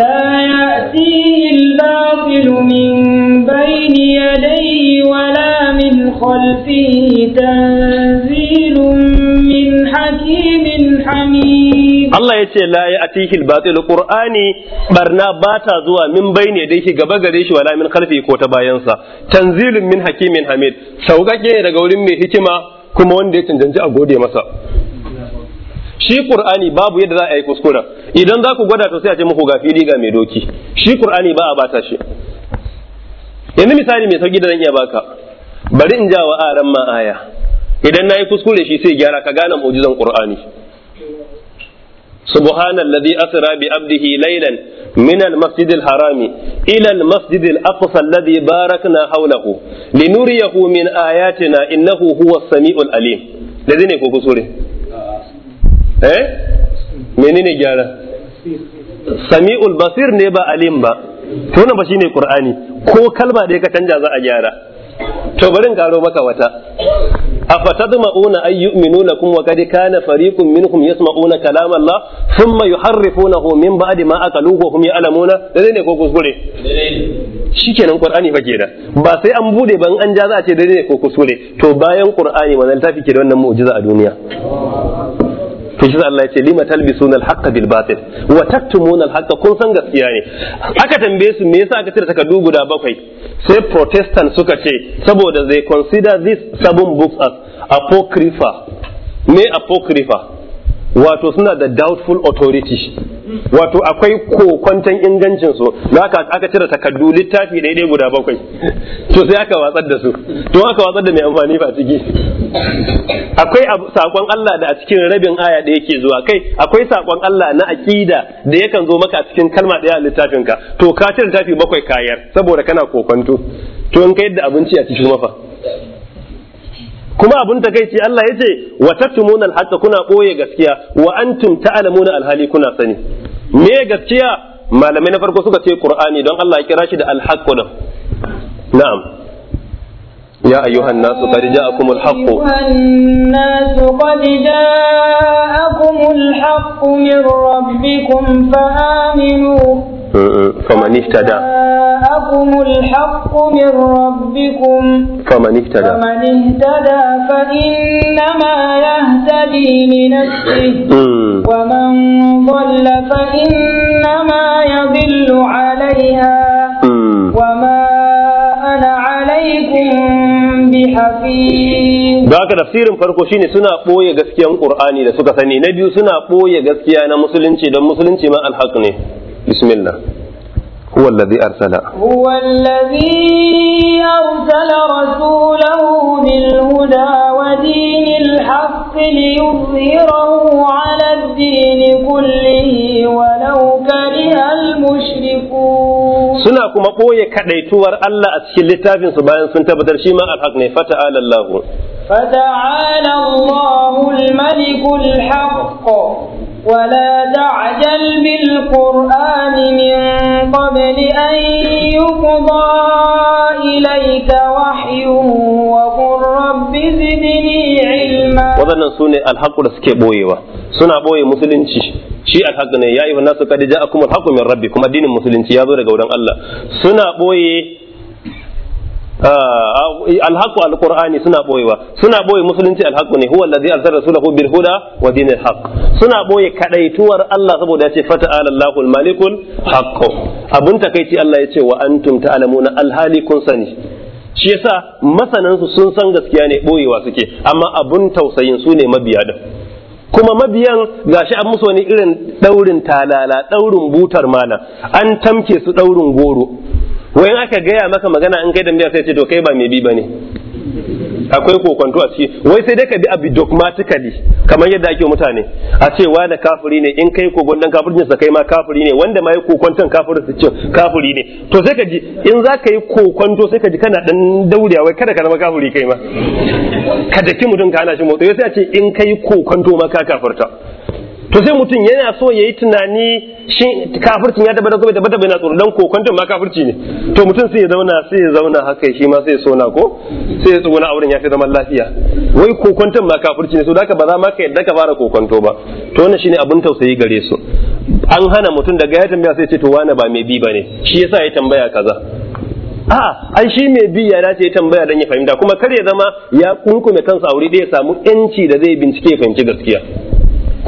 La ya fiye launin mu? Mun bayani adai walamin kwallfi. Tanzalin mun hakimin Hamid. Allah ya ce la'ayyi a tishin batsa Alƙur'ani bata zuwa mun bayani adai shi gaba gare shi walamin khalfi ko ta bayansa. Tanzalin mun hakimin Hamid, sauƙaƙe daga wurin mai hikima. kuma wanda ya cancanci a gode masa shi qur'ani babu yadda za a yi kuskura idan za ku gwada to sai a ce muku ga fili mai doki shi qur'ani ba a bata shi yanzu misali mai sauki da zan iya baka bari in ja wa aran ma aya idan nayi kuskure shi sai gyara ka gane mu'jizan qur'ani سبحان الذي أسرى بأبده ليلا من المسجد الحرام إلى المسجد الأقصى الذي باركنا حوله لنريه من آياتنا إنه هو السميع العليم لذين يكون كسوره eh menene gyara sami'ul basir ne ba alim ba to ba shine qur'ani ko kalma da ka canja za a gyara to bari in karo maka wata afatadma'una ay lakum wa kad kana fariqun minhum yasma'una kalam Allah thumma yuharrifunahu min ba'di ma aqaluhu hum ya'lamuna dai ne ko kuskure shikenan qur'ani fa kenan ba sai an bude ban an ja za a ce dai ne ko kuskure to bayan qur'ani wannan tafi ke da wannan mu'jiza a duniya to Allah ya ce lima talbisuna al-haqqa bil batil wa taktumuna al-haqqa kun san gaskiya ne aka tambaye su me yasa aka cire takardu guda bakwai sai protestant suka ce saboda they consider this seven books as apocrypha me apocrypha wato suna da doubtful authority wato akwai kokwanton ingancin su da aka aka cire takaddu littafi dai guda bakwai to sai aka watsar da su to aka watsar da mai amfani ba ciki akwai sakon Allah da a cikin rabin aya da yake zuwa kai akwai sakon Allah na aqida da yakan zo maka a cikin kalma daya a littafin ka to ka cire littafi bakwai kayar saboda kana kokwanto to in kai da abinci a cikin mafa kuma abun takaici Allah ya ce wa tatumuna alhaqqa kuna boye gaskiya wa antum ta'lamuna alhali kuna sani me gaskiya malamai na farko suka ce qur'ani don Allah ya kira shi da alhaqqu da na'am يا أيها الناس قد جاءكم الحق nasu qad قد جاءكم min rabbikum ربكم فآمنوا فمن ihtada جاءكم الحق من ربكم فمن اهتدى فمن اهتدى فإنما يهتدي لنفسه ومن ضل فإنما يضل عليها وما أنا عليكم da haka tafsirin farko shine suna ɓoye gaskiyan ƙur'ani da suka sani na biyu suna ɓoye gaskiya na musulunci don musulunci ma alhaq ne bismillah هو الذي أرسل هو الذي أرسل رسوله بالهدى ودين الحق ليظهره على الدين كله ولو كره المشركون سنة كما قوية كديتور الله أسكي لتابين سبحانه سنتبتر شيما الحق فتعالى الله فتعالى الله الملك الحق ولا تعجل بالقرآن من قبل أن يقضى إليك وحيه وقل رب زدني علما waɗannan سوني الحق alhaƙu da suke ɓoyewa suna ɓoye musulunci shi alhaƙu ne ya yi nasu kadi ja'akum alhaƙu min rabbi kuma addinin musulunci ya zo daga wurin Allah suna ɓoye alhaqu alqur'ani suna boyewa suna boye musulunci alhaqu ne huwa allazi arsala rasulahu bil huda wa dinil haqq suna boye kadaituwar Allah saboda yace fata Allahu al haqq abun takeici Allah yace wa antum ta'lamuna alhali kun sani shi yasa masanan su sun san gaskiya ne boyewa suke amma abun tausayin su ne mabiya da kuma mabiyan gashi an musu wani irin daurin talala daurin butar mala an tamke su daurin goro wai in aka gaya maka magana in kai da sai ce to kai ba mai bi ne? akwai kokonto a ciki wai sai dai ka bi abi dogmatically kamar yadda ake mutane a ce wa da kafiri ne in kai kokon dan kafirin sa kai ma kafiri ne wanda ma yi kokonton kafirin sa ce kafiri ne to sai ka ji in za ka yi kokonto sai ka ji kana dan dauriya wai kada ka zama kafiri kai ma ka daki mutum ka ana shi motsi sai a ce in kai kokonto ma ka kafirta to sai mutum yana so ya yi tunani shi kafircin ya taba da bai taba bai yana tsoro dan kokwanton ma kafirci ne to mutum sai ya zauna sai ya zauna haka shi ma sai ya sona ko sai ya na auren ya fi zaman lafiya wai kokwanton ma kafirci ne so da ba za ma ka yadda ka fara kwanto ba to wannan shine abin tausayi gare su an hana mutum daga ya tambaya sai ce to wani ba mai bi ba ne? shi yasa ya tambaya kaza a ai shi mai bi ya dace ya tambaya dan ya fahimta kuma kar ya zama ya kunkume kansa a wuri da ya samu yanci da zai bincike ya fahimci gaskiya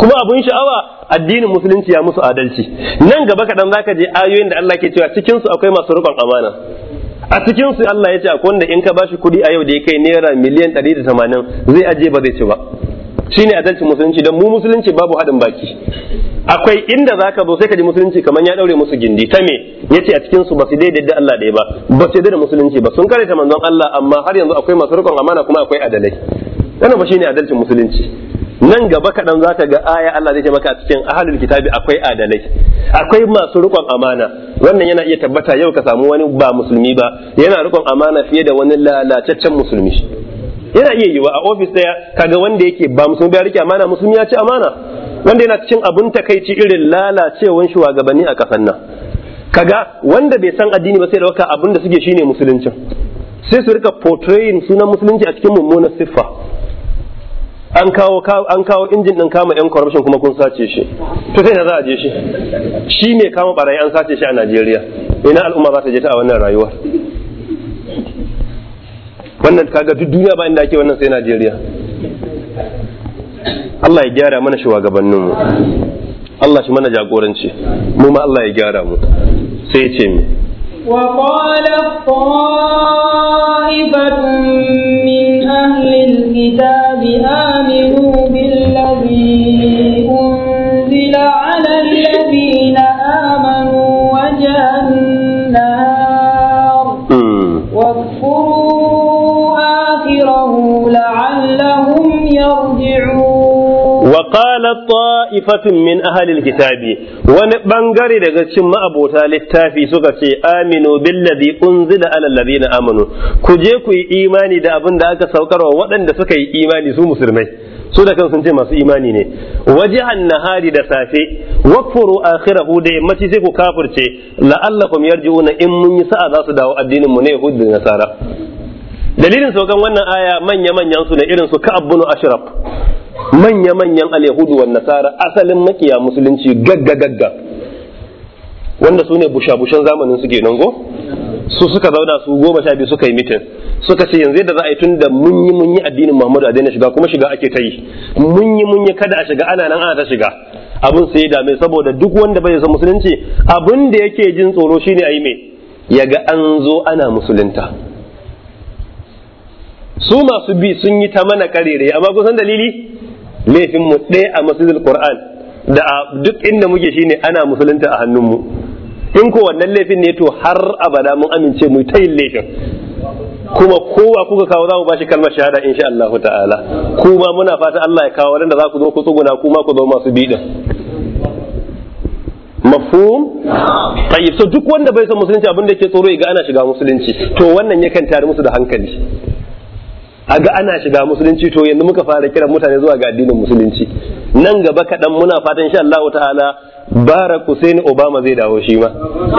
kuma abun sha'awa addinin musulunci ya musu adalci nan gaba kaɗan zaka je ayoyin da Allah ke cewa cikin su akwai masu rukun amana a cikin su Allah ya ce akwai wanda in ka ba shi kuɗi a yau da ya kai naira miliyan 180 zai aje ba zai ci ba shine adalcin musulunci don mu musulunci babu haɗin baki akwai inda zaka zo sai ka ji musulunci kamar ya daure musu gindi ta me yace a cikin su ba su daidai da Allah ɗaya ba ba su da musulunci ba sun kare ta manzon Allah amma har yanzu akwai masu rukun amana kuma akwai adalai wannan ba shine adalcin musulunci nan gaba kaɗan za ka ga aya Allah zai ce maka a cikin ahalul kitabi akwai adalai akwai masu rikon amana wannan yana iya tabbata yau ka samu wani ba musulmi ba yana rikon amana fiye da wani lalacaccen musulmi yana iya yiwa a ofis daya kaga wanda yake ba musulmi ba rike amana musulmi ya ci amana wanda yana cikin abun takaici irin lalacewan shugabanni a kasan nan kaga wanda bai san addini ba sai da waka abun da suke shine musuluncin sai su rika portraying sunan musulunci a cikin mummunan siffa an kawo an kawo injin din kama yan corruption kuma kun sace shi to sai za a je shi shi ne kama barayi an sace shi a Najeriya ina al'umma za ta je ta a wannan rayuwar wannan kaga duk duniya ba inda ake wannan sai Najeriya Allah ya gyara mana mu Allah shi mana jagoranci mu ma Allah ya gyara mu sai ya ce mu وقال الطائفة من أهل الكتاب آمنوا بالذي أنزل على الذين آمنوا وجه النار واكفروا آخره لعلهم يرجعون wa qala ta'ifatun min ahli wani bangare daga cikin ma'abota littafi suka ce aminu billazi unzila ala alladhina amanu ku je ku yi imani da abin da aka saukarwa waɗanda suka yi imani su musulmai su da kan sun ce masu imani ne wajihan nahari da safe wakfuru akhirahu da yammaci sai ku kafirce la'allakum yarji'una in mun yi sa'a za su dawo addinin mu ne yahud da nasara dalilin saukan wannan aya manya manyan su ne irin su ka'ab ashraf manya-manyan alyahudu wa nasara asalin makiya musulunci gagga gagga wanda su ne busha bushen zamanin suke nan go su suka zauna su goma sha biyu suka yi mitin suka ce yanzu da za a yi tun da mun yi mun yi addinin Muhammadu a daina shiga kuma shiga ake ta yi mun yi mun yi kada a shiga ana nan ana ta shiga abin sai dame saboda duk wanda bai san musulunci abin da yake jin tsoro shine ayi me yaga an zo ana musulunta su masu bi sun yi ta mana karere amma kusan dalili laifin mu ɗaya a masjidil qur'an da a duk inda muke ne ana musulunta a hannun mu in ko wannan laifin ne to har abada mun amince mu ta yin laifin kuma kowa kuka kawo za mu bashi kalmar shahada insha Allah ta'ala kuma muna fata Allah ya kawo wadanda za ku zo ku tsuguna kuma ku zo masu bidin mafhum tayyib so duk wanda bai san musulunci abin da ke tsoro ga ana shiga musulunci to wannan yakan tare musu da hankali a ga ana shiga musulunci to yanzu muka fara kiran mutane zuwa ga addinin musulunci nan gaba kaɗan muna fatan insha Allah ta'ala Barack Hussein Obama zai dawo shi ma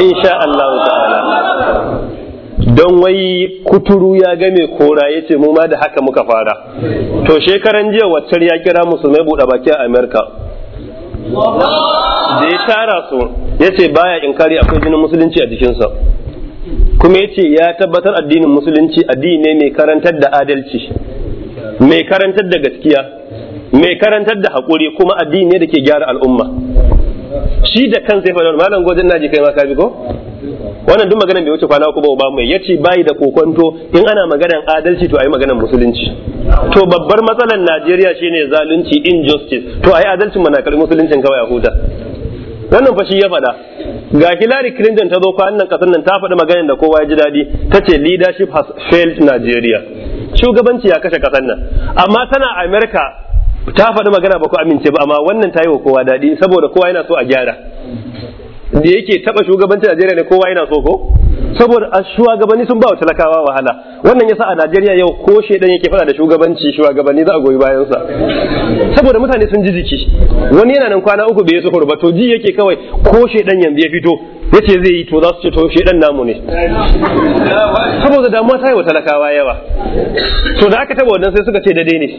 insha Allah ta'ala don wai kuturu ya ga mai kora ya ce mu ma da haka muka fara to shekaran jiya waccar ya kira musulmai buɗe baki a America da ya tara su yace ce baya inkari akwai jinin musulunci a jikinsa kuma yace ya tabbatar addinin musulunci addini ne mai karantar da adalci mai karantar da gaskiya mai karantar da haƙuri kuma addini ne da ke gyara al'umma shi da kan sai faɗa malam gojin naji kai ma ka ko wannan duk maganar bai wuce kwana uku ba ba mai yace bayi da kokonto in ana maganar adalci to ayi maganar musulunci to babbar matsalar Najeriya shine zalunci injustice to ayi adalcin mana kalmar musulunci kawai a huta wannan fashi ya faɗa ga Hillary Clinton ta zo kwanan annan kasar nan ta faɗi maganar da kowa ya ji daɗi ta ce leadership has failed Nigeria shugabanci ya kashe kasar nan amma tana America ta faɗi magana ba ku amince ba amma wannan ta yi wa kowa daɗi saboda kowa yana so a gyara da yake taba shugabancin Najeriya ne kowa yana so ko saboda a shugabanni sun ba wa talakawa wahala wannan yasa a Najeriya yau ko shedan yake fada da shugabanci shugabanni za a goyi bayan sa saboda mutane sun ji jiki wani yana nan kwana uku bai tsohor ba to ji yake kawai ko shedan yanzu ya fito yace zai yi to za su ce to shedan namu ne saboda damuwa ta yi talakawa yawa to da aka taba wannan sai suka ce da dai ne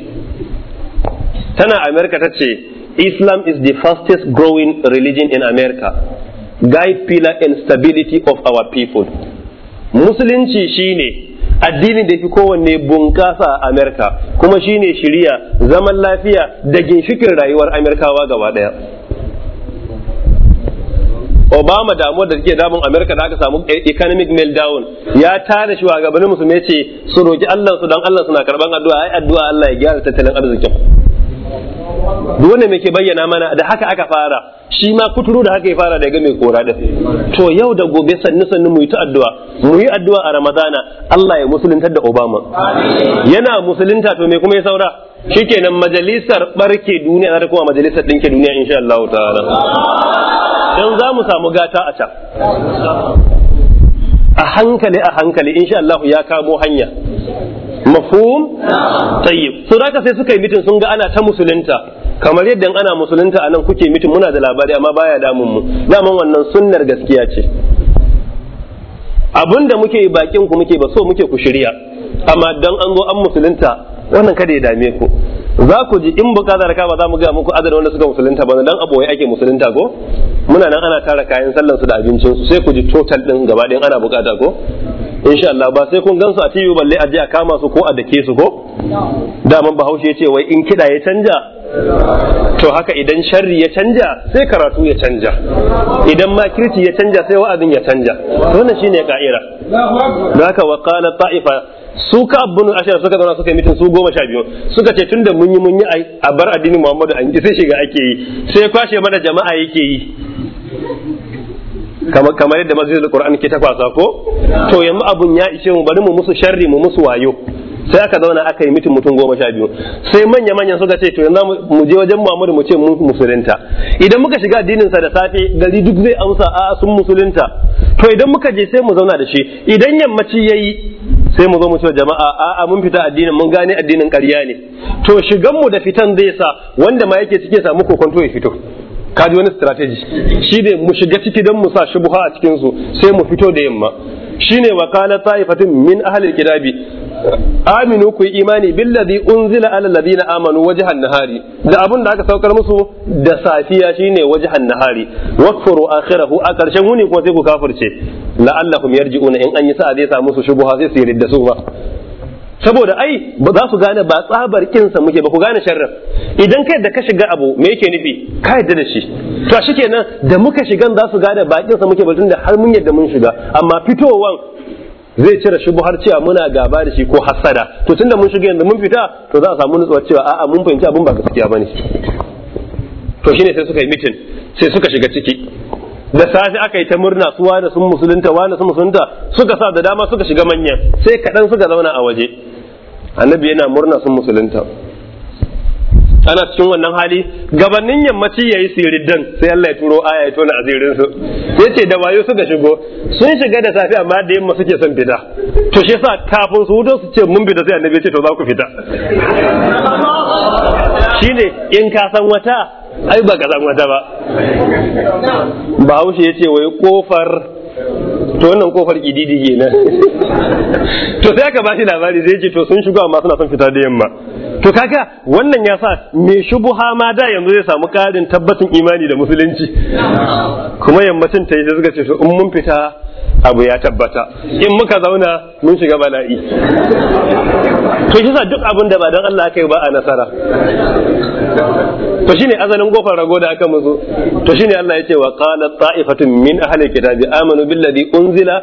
tana America ta ce Islam is the fastest growing religion in America guide pillar and stability of our people musulunci shine addini da fi kowanne bunƙasa a Amerika kuma shine shirya zaman lafiya da ginshikin rayuwar Amerikawa gaba ɗaya. Obama damuwar da take damun Amerika da aka samu economic meltdown ya tare shugabannin musulmai ce su roki Allah su dan Allah suna karban addu'a ai addu'a Allah ya gyara tattalin arzikin. duk wanda mai ke bayyana mana da haka aka fara shi ma kuturu da haka ya fara daga mai kora din to yau da gobe sannu sannu mu yi ta addu'a mu yi addu'a a ramadana Allah ya musulunta da Obama yana musulunta to me kuma ya saura shikenan majalisar barke duniya za ta kuma majalisar dinke duniya insha Allah ta'ala dan za mu samu gata a can a hankali a hankali insha Allah ya kamo hanya mafhum tayyib so da sai suka yi mitin sun ga ana ta musulunta kamar yadda ana musulunta anan kuke mitin muna da labari amma baya damun mu zaman wannan sunnar gaskiya ce abin da muke bakin ku muke ba so muke ku shirya amma dan an zo an musulunta wannan kada ya dame ku za ku ji in bukatar ka ba za mu ga muku adadin wanda suka musulunta ba dan aboye ake musulunta ko muna nan ana tara kayan sallan su da abincin su sai ku ji total din gaba ɗayan ana bukata ko insha Allah ba sai kun gansu a TV balle a a kama su ko a dake su ko daman bahaushe ce wai in kida ya canja to haka idan sharri ya canja sai karatu ya canja idan makirci ya canja sai wa'azin ya canja wannan shine ka'ira da haka wa qala ta'ifa su ka bin ashar suka zauna suka yi mitin su goma sha biyu suka ce da mun yi mun yi a bar addinin muhammadu an sai shiga ake yi sai kwashe mana jama'a yake yi kamar yadda da qur'an ke ta kwasa ko to yamma abun ya ishe mu bari mu musu sharri mu musu wayo sai aka zauna aka yi mitin mutum goma sha biyu sai manya manyan suka ce to yanzu mu je wajen Muhammadu mu ce mu musulunta idan muka shiga addinin sa da safe gari duk zai amsa a sun musulunta to idan muka je sai mu zauna da shi idan yammaci yayi sai mu zo mu ce jama'a a'a mun fita addinin mun gane addinin ƙarya ne to shigan mu da fitan zai sa wanda ma yake cike samu kokonto ya fito kaji wani strategy shi ne mu shiga ciki don mu sa shubuha a cikinsu sai mu fito da yamma shine wa qala ta'ifatin min ahli kidabi aminu ku imani billadhi unzila ala alladhina amanu wajhan nahari da abun da aka saukar musu da safiya shi shine wajhan nahari wakfuru akhirahu a karshen wuni kuma sai ku kafirce la'allakum yarji'una in an yi sa'a zai samu su shubuha sai su yarda su ba saboda ai ba za su gane ba tsabar kinsa muke ba ku gane sharrin idan kai da ka shiga abu me yake nufi ka yadda da shi to shikenan da muka shigan za su gane ba sa muke ba tunda har mun yadda mun shiga amma fitowan zai cire shi har cewa muna gaba da shi ko hasada to tunda mun shiga yanzu mun fita to za a samu nutsuwa cewa a'a mun fahimci abin ba gaskiya bane to shine sai suka yi mitin sai suka shiga ciki da safe aka yi ta murna su wani sun musulunta wani sun musulunta suka sa da dama suka shiga manya sai kaɗan suka zauna a waje annabi yana murna sun musulunta ana cikin wannan hali gabanin yammaci ya yi dan sai Allah ya turo aya ya tona asirinsu ya ce da wayo suka shigo sun shiga da safe amma da yamma suke son fita to shi yasa kafin su hudu su ce mun fita sai annabi ya ce to za ku fita shine in ka san wata ai ba ka wata ba bahaushe ya ce wai kofar to wannan kofar kididi kenan to sai aka bashi labari zai ce to sun shiga amma suna son fita da yamma to kaga wannan ya sa mai shubuha ma da yanzu zai samu karin tabbatin imani da musulunci kuma yammacin ta yi suka ce to in mun fita abu ya tabbata in muka zauna mun shiga bala'i to shi sa duk abin da ba don Allah aka yi ba a nasara to shine azanin gofar rago da aka muzo to shine Allah ya ce wa qalat ta'ifatun min ahli kitabi amanu billadhi unzila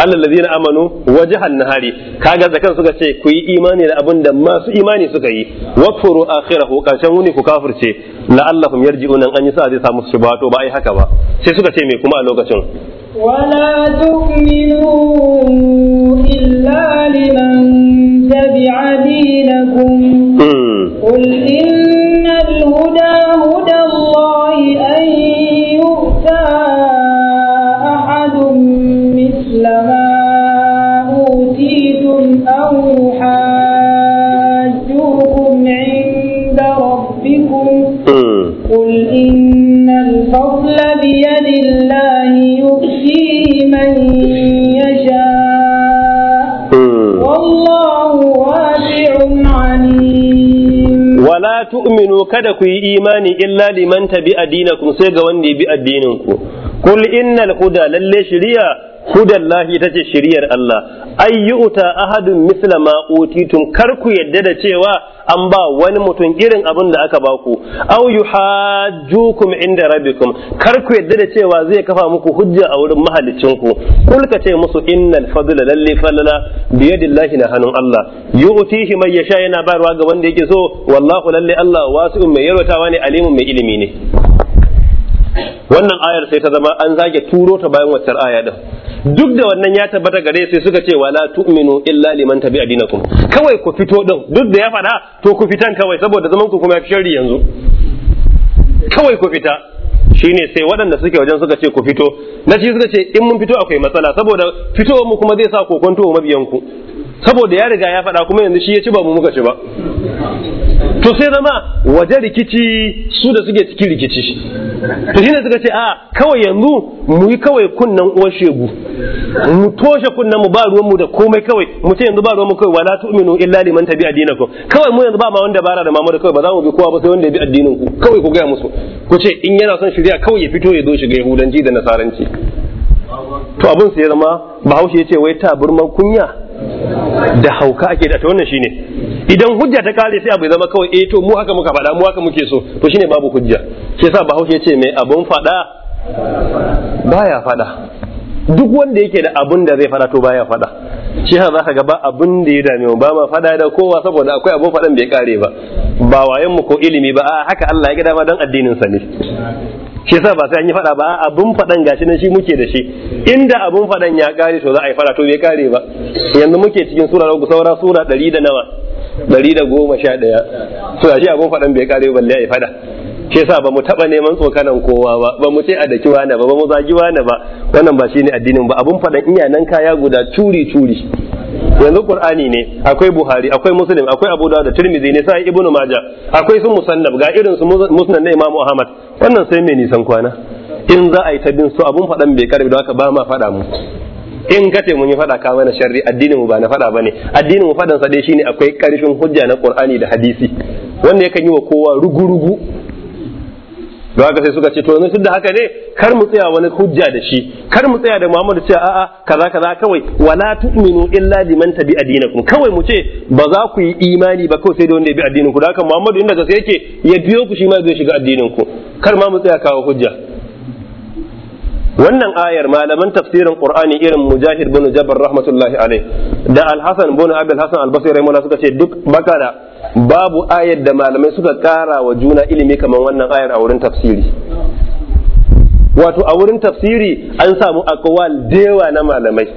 ala alladhina amanu wajhan nahari kaga da kan suka ce ku yi imani da abin da masu imani suka yi wakfuru akhirahu kashan wuni ku kafirce la'allakum yarji'un an yi sa zai samu shi ba to ba ai haka ba sai suka ce me kuma a lokacin ولا تؤمنوا إلا لمن تبع دينكم قل إن الهدى هدى الله أن يؤتى la tu'minu kada ku yi imani illa liman tabi'a dinakum sai ga wanda ya bi addinin ku kul innal huda lalle shiriya hudallahi ita ce shiriyar Allah ayyuta ahadun misla ma utitum kar yadda da cewa an ba wani mutum irin abin da aka baku aw yuhajjukum inda rabbikum kar ku yadda da cewa zai kafa muku hujja a wurin mahallicin ku kul ka ce musu innal fadla lalle falala bi yadillahi na hannun Allah yu'tihi man yasha yana barwa ga wanda yake so wallahu lalle Allah wasu mai yarwatawa ne alimun mai ilimi ne wannan ayar sai ta zama an zage turo ta bayan waccar aya din duk da wannan ya tabbata gare sai suka ce wala tu'minu illa liman tabi'a dinakum kawai ku fito din duk da ya faɗa to ku fitan kawai saboda zaman ku kuma fi shari yanzu kawai ku fita shine sai waɗanda suke wajen suka ce ku fito na shi suka ce in mun fito akwai matsala saboda fitowar mu kuma zai sa kokonto mabiyan ku saboda ya riga ya faɗa kuma yanzu shi ya ci ba mu muka ci ba to sai zama waje rikici su da suke cikin rikici to shine suka ce a kawai yanzu mu yi kawai kunnan uwar shegu mu toshe kunnan mu ba ruwan mu da komai kawai mu ce yanzu ba ruwan mu kawai wala tu'minu illa liman tabi dinakum kawai mu yanzu ba ma wanda bara da mamu da kawai ba za mu bi kowa ba sai wanda ya bi addinin ku kawai ku gaya musu ku ce in yana son shirya kawai ya fito ya zo shiga yahudanci da nasaranci to abin sai zama bahaushe ya ce wai taburman kunya da hauka ake da ta wannan shine idan hujja ta kare sai abu zama kawai eh to mu haka muka faɗa mu haka muke so to shine babu hujja shi yasa bahaushe ce mai abun faɗa baya faɗa duk wanda yake da abun da zai faɗa to baya faɗa shi yasa zaka ga ba abun da ya dame mu ba ma faɗa da kowa saboda akwai abun faɗan bai kare ba ba wayan mu ko ilimi ba a haka Allah ya ga dama dan addinin sa ne shi yasa ba sai an yi fada ba abun fadan gashi nan shi muke da shi inda abun fadan ya kare to za a yi fada to bai kare ba yanzu muke cikin sura uku saura sura 100 da nawa 111 to shi abun fadan bai kare balle a yi fada shi yasa ba mu taba neman tsokanan kowa ba ba mu ce a daki wani ba ba mu zagi wani ba wannan ba shine addinin ba abun fadan nan kaya guda turi turi yanzu qur'ani ne akwai buhari akwai muslim akwai abu da tirmidhi ne sai ibnu maja akwai sun musannaf ga irin su musnad na imamu ahmad wannan sai me nisan kwana in za a yi ta bin su abun fadan bai karbi da haka ba ma fada mu in ka ce mun yi fada ka mana sharri addinin mu ba na fada bane addinin mu fadan sa dai shine akwai karfin hujja na qur'ani da hadisi wanda yakan yi wa kowa rugurugu don haka sai suka ce to tun da haka ne kar mu tsaya wani hujja da shi kar mu tsaya da Muhammadu cewa a'a kaza kaza kawai wala tu'minu illa liman tabi adinakum kawai mu ce ba za ku yi imani ba kawai sai da wanda ya bi addinin ku da haka Muhammadu inda gaske yake ya biyo ku shi ma zai shiga addinin ku kar ma mu tsaya kawo hujja wannan ayar malaman tafsirin qur'ani irin mujahid bin jabbar rahmatullahi alaihi da al-hasan bin abul hasan al-basri suka ce duk bakara babu ayar da malamai suka kara wa juna ilimi kamar wannan ayar a wurin tafsiri wato a wurin tafsiri an samu akwal dewa na malamai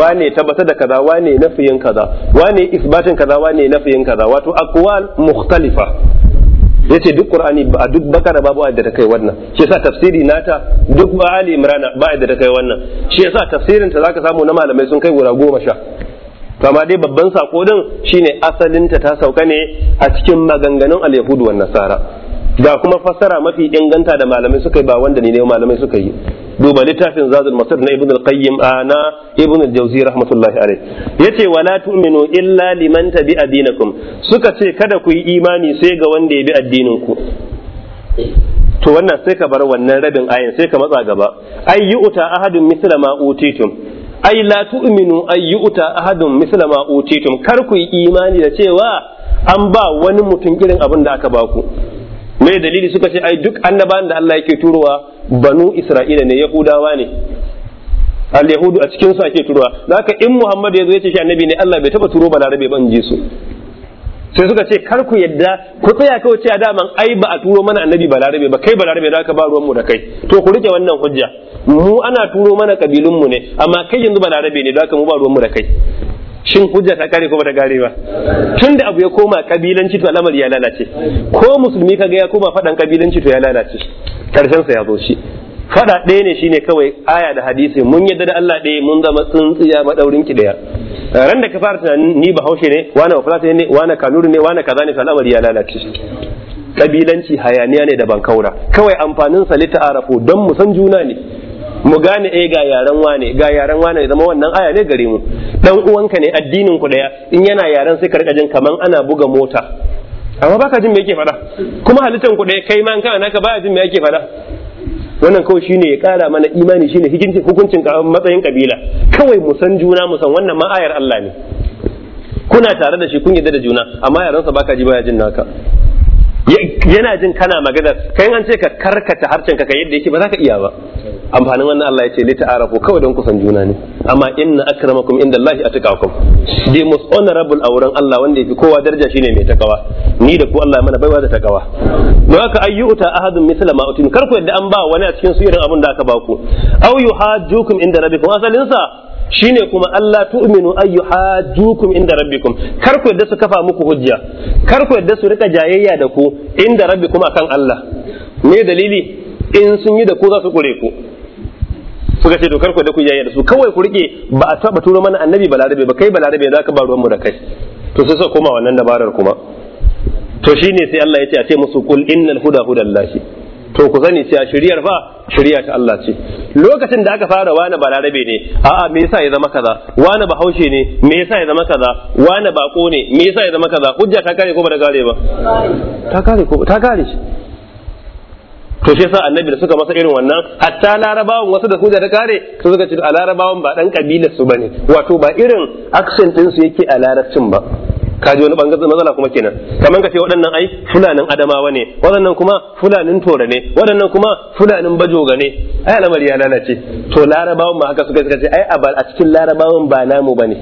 wane tabbata da kaza wane nafiyin kaza wane isbatin kaza wane nafiyin kaza wato akwal mukhtalifa yace duk qur'ani a duk bakara babu ayat da ta kai wannan shi yasa tafsiri nata duk ali imrana ba ayat da ta kai wannan shi yasa tafsirin ta zaka samu na malamai sun kai gura goma sha to amma dai babban sako din shine asalinta ta sauka ne a cikin maganganun al-yahudu wan nasara ga kuma fassara mafi inganta da malamai suka yi ba wanda ne malamai suka yi duba littafin zazul masar na ibn al-qayyim ana ah, ibn al-jawzi rahmatullahi alayh yace wala tu'minu illa liman tabi adinakum suka ce kada ku yi imani sai ga wanda ya bi addinin ku to wannan sai ka bar wannan rabin ayin sai ka matsa gaba ayyu uta ahadun mithla ma utitum ai la tu'minu ay yu'ta ahadun misla ma utitum kar ku yi imani da cewa an ba wani mutum irin abin da aka baku me dalili suka ce ai duk annabawan da Allah yake turowa banu isra'ila ne yahudawa ne al yahudu a cikin su ake turowa zaka in muhammad yazo yace shi annabi ne Allah bai taba turo balarabe ban ji su sai suka ce kar ku yadda ku tsaya kawai a daman ai ba a turo mana annabi balarabe ba kai balarabe da ka ba ruwan mu da kai to ku rike wannan hujja mu ana turo mana kabilun mu ne amma kai yanzu balarabe ne da ka mu ba ruwan mu da kai shin hujja ta kare ko ba ta kare ba tun da abu ya koma kabilanci to al'amari ya lalace ko musulmi kaga ya koma fadan kabilanci to ya lalace karshen sa ya zo shi faɗa ɗaya ne shine kawai aya da hadisi mun yadda da Allah ɗaya mun zama tsintsiya madaurin ki daya ran da ka fara tunanin ni bahaushe ne wani bafulata ne wani kanuri ne wani kaza ne al'amari ya lalace kabilanci hayaniya ne da ban kaura kawai amfanin sa arafu don mu san juna ne mu gane eh ga yaran wane ga yaran wane zama wannan aya ne gare mu dan uwanka ne addinin ku daya in yana yaran sai ka rika jin kaman ana buga mota amma baka jin me yake faɗa kuma halittan ku daya kai ma in kana naka baya jin me yake faɗa wannan kawai shine ya kara mana imani shine hukuncin hukuncin matsayin kabila kawai mu san juna mu san wannan ma'ayar Allah ne kuna tare da shi kun yadda da juna amma yaransa baka ji baya jin naka yana jin kana magana kai an ce ka karkata harcen ka yadda yake ba za ka iya ba amfanin wannan Allah ya ce li ta'arafu kawai don kusan juna ne amma inna akramakum inda Allah atqakum the most honorable a wurin Allah wanda yafi kowa daraja shine mai takawa ni da ku Allah mana baiwa da takawa don haka ayyuta ahadun misla ma utin kar yadda an ba wani a cikin su irin abin da aka ba ku aw yuhajjukum inda rabbikum asalin sa shine kuma Allah tu'minu ay yuhajjukum inda rabbikum kar ku yadda su kafa muku hujja kar yadda su rika jayayya da ku inda rabbikum akan Allah me dalili in sun yi da ku za su kure ku suka ce to ku da ku yayyada su kawai ku rike ba a taba turo mana annabi balarabe ba kai balarabe za ka ba ruwan mu da kai to sai suka koma wannan dabarar kuma to shine sai Allah ya ce a ce musu kul innal huda hudallahi to ku sani cewa shiriyar fa shiriya ta Allah ce lokacin da aka fara wani balarabe ne a'a me yasa ya zama kaza wani bahaushe ne me yasa ya zama kaza wani bako ne me yasa ya zama kaza hujja ta kare ko ba ta kare ba ta kare ko ta kare to shi yasa annabi da suka masa irin wannan hatta larabawan wasu da su da kare su suka ce a larabawan ba dan kabilar su bane wato ba irin action din su yake a larabcin ba Ka ji wani bangaren matsala kuma kenan kamar ka ce waɗannan ai fulanin adamawa ne waɗannan kuma fulanin tora ne waɗannan kuma fulanin bajoga ne ai al'amari ya lalace to larabawan ma haka suka suka ce ai a cikin larabawan ba namu bane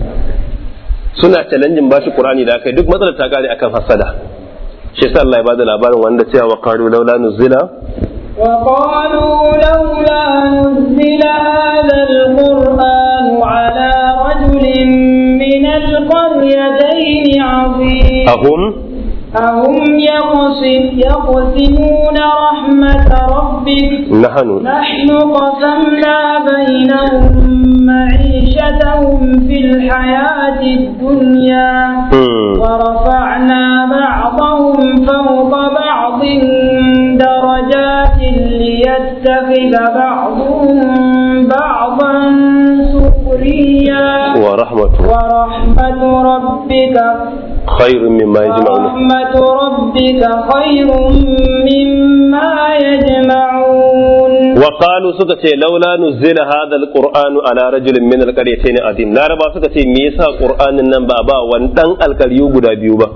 suna challenging ba shi qur'ani da kai duk matsalar ta kare akan hasada shi yasa Allah ya bada labarin wanda cewa qalu laula nuzila وقالوا لولا نزل هذا القرآن على رجل من عظيم أهم أهم يقسم يقسمون رحمة ربك نحن نحن قسمنا بينهم زينتهم في الحياة الدنيا ورفعنا بعضهم فوق بعض درجات ليتخذ بعضهم بعضا زكريا ورحمة ورحمة ربك خير مما يجمعون ورحمة ربك خير مما يجمعون وقالوا سكتي لولا نزل هذا القرآن على رجل من القريتين عظيم لا ربا سكتي ba قرآن النبابا وانتن guda biyu ba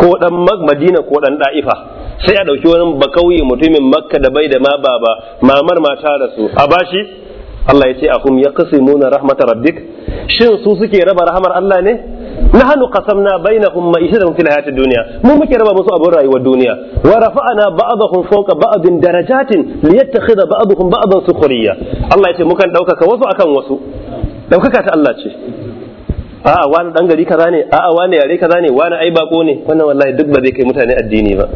ko dan madina ko dan da'ifa sai a ɗauki wani bakauye mutumin makka da bai da ma baba mamar mata rasu a bashi Allah ya ce a hum yaqsimuna rahmat rabbik shin su suke raba rahamar Allah ne Na na hannu nahnu qasamna bainahum ma'ishatan fil hayatid duniya. Mun muke raba musu abun rayuwar duniya wa rafa'ana ba'dahum fawqa ba'din darajatin liyattakhidha ba'dahum ba'dan sukhriya Allah ya ce mukan ɗaukaka wasu akan wasu Ɗaukaka ta Allah ce a'a wani dan gari kaza ne a'a wani yare kaza ne wani ai bako ne wannan wallahi duk ba zai kai mutane addini ba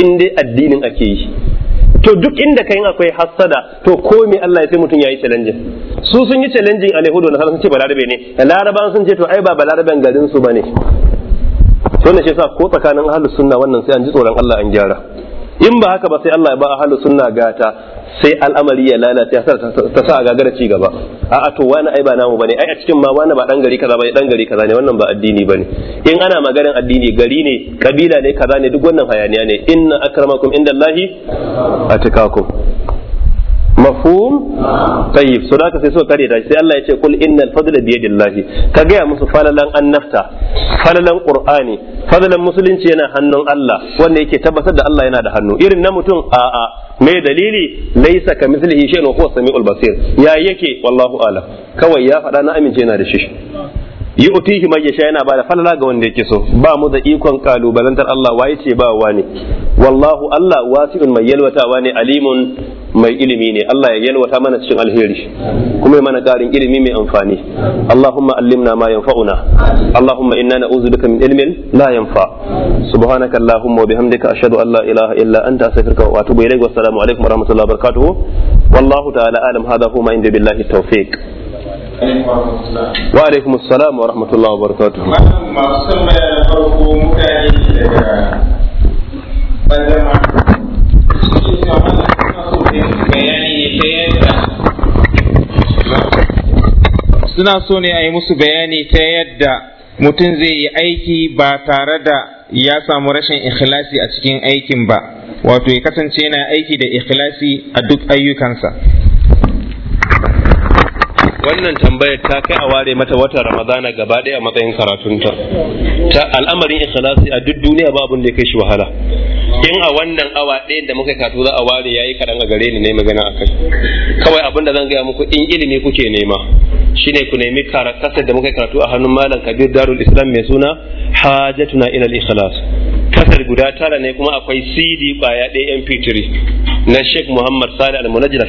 in dai addinin ake yi to duk inda kai akwai hassada to ko me Allah ya sai mutum yayi challenge su sun yi challenge a lehudu na sun ce balarabe ne laraban sun ce to ai ba balaraben garin su bane to ne shi yasa ko tsakanin ahlus sunna wannan sai an ji tsoron Allah an gyara in ba haka ba sai Allah ya ba ahlus sunna gata sai al'amari ya lalace ya ta sa gagara ci gaba a'a to wani ai ba namu bane ai a cikin ma wani ba dan gari kaza bane dan gari kaza ne wannan ba addini bane in ana maganar addini gari ne kabila ne kaza ne duk wannan hayaniya ne inna akramakum indallahi atakakum mafhum tayyib so da sai suka kare da sai Allah ya ce kul innal fadla bi yadillahi ka gaya musu falalan annafta falalan qur'ani fadlan musulunci yana hannun Allah wanda yake tabbatar da Allah yana da hannu irin na mutum a a me dalili Laisa, ka mithlihi shay'un huwa samiul basir ya yake wallahu alam kawai ya faɗa na amince yana da shi Yi yu'tihi man yasha yana ba da falala ga wanda yake so ba mu da ikon kalubalantar Allah waye ce ba wani wallahu Allah wasi'un mai yalwatawa ne alimun mai ilimi ne Allah ya yalwata mana cikin alheri kuma ya mana karin ilimi mai amfani Allahumma allimna ma yanfa'una Allahumma inna na'udhu bika min ilmin la yanfa subhanaka Allahumma wa bihamdika ashhadu an la ilaha illa anta astaghfiruka wa atubu ilayk wa assalamu alaikum wa rahmatullahi wa barakatuh wallahu ta'ala alam hadha huwa ma inda billahi tawfiq wa alaikum assalam wa rahmatullahi wa barakatuh suna so ne a yi musu bayani ta yadda mutum zai yi aiki ba tare da ya samu rashin ikhlasi a cikin aikin ba wato ya kasance yana aiki da ikhlasi a duk ayyukansa wannan tambayar ta kai a ware mata watan ramadana gaba ɗaya a matsayin karatunta ta al'amarin ikhlasi a duk duniya babu da ya kai shi wahala in a wannan awa ɗayan da muka kato za a ware yayi kaɗan a gare ni ne magana akai kawai abin da zan gaya muku in ilimi kuke nema shine ku nemi kasar da muka karatu a hannun malam kabir darul islam mai suna hajatuna ila al-ikhlas kasar guda tara ne kuma akwai cd kwaya ɗaya mp3 na sheikh muhammad Sani al-munajjid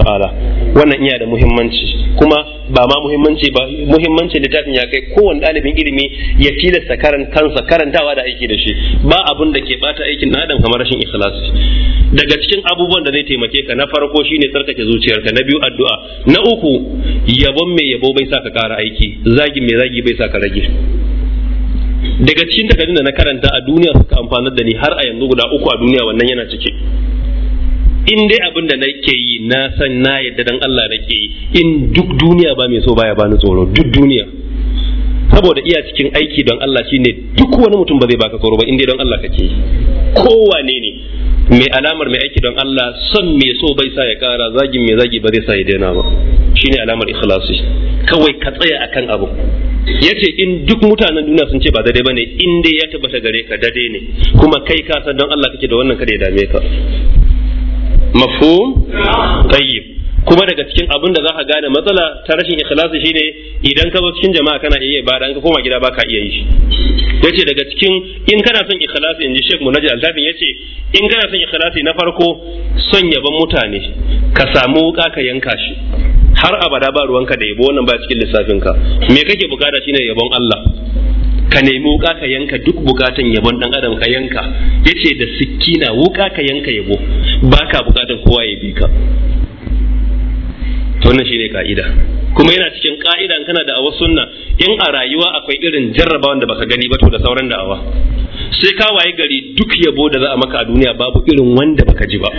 ta'ala wannan iya da muhimmanci kuma ba ma muhimmanci ba muhimmanci littafin ya kai kowane ɗalibin ilimi ya tilasta karan kansa karantawa da aiki da shi ba abun da ke bata aikin na adam kamar rashin ikhlasi daga cikin abubuwan da zai taimake ka na farko shine tsarkake zuciyarka na biyu addu'a na uku yabon mai yabo bai sa ka ƙara aiki zagin mai zagi bai sa ka rage daga cikin takardun da na karanta a duniya suka amfanar da ni har a yanzu guda uku a duniya wannan yana ciki in dai abin da nake yi na san na yadda dan Allah nake yi in duk duniya ba mai so baya bani tsoro duk duniya saboda iya cikin aiki don Allah shine duk wani mutum ba zai baka tsoro ba indai don Allah kake kowane ne mai alamar mai aiki don Allah son mai so bai sa ya kara zagin mai zagi ba zai sa ya daina ba shine alamar ikhlasi kawai ka tsaya akan abu yace in duk mutanen duniya sun ce ba daidai bane in ya tabbata gare ka daidai ne kuma kai ka san don Allah kake da wannan kada ya dame ka mafhum tayyib kuma daga cikin abin da za ka gane matsala ta rashin ikhlasi shine idan ka zo cikin jama'a kana iya da an ka koma gida ba ka iya yi yace daga cikin in kana son ikhlasi inji Sheikh Munajjal Al-Tafin yace in kana son ikhlasi na farko son yaban mutane ka samu wuka ka yanka shi har abada ba ruwanka da yabo wannan ba cikin lissafin ka me kake bukata shine yabon Allah ka nemi wuka ka yanka duk bukatan yabon dan adam ka yanka yace da sikina wuka ka yanka yabo baka bukatan kowa ya bi ka to wannan shine ka'ida kuma yana cikin ka'ida kana da awa sunna in a rayuwa akwai irin jarraba wanda baka gani ba to da sauran da'awa sai ka waye gari duk yabo da za a maka a duniya babu irin wanda baka ji ba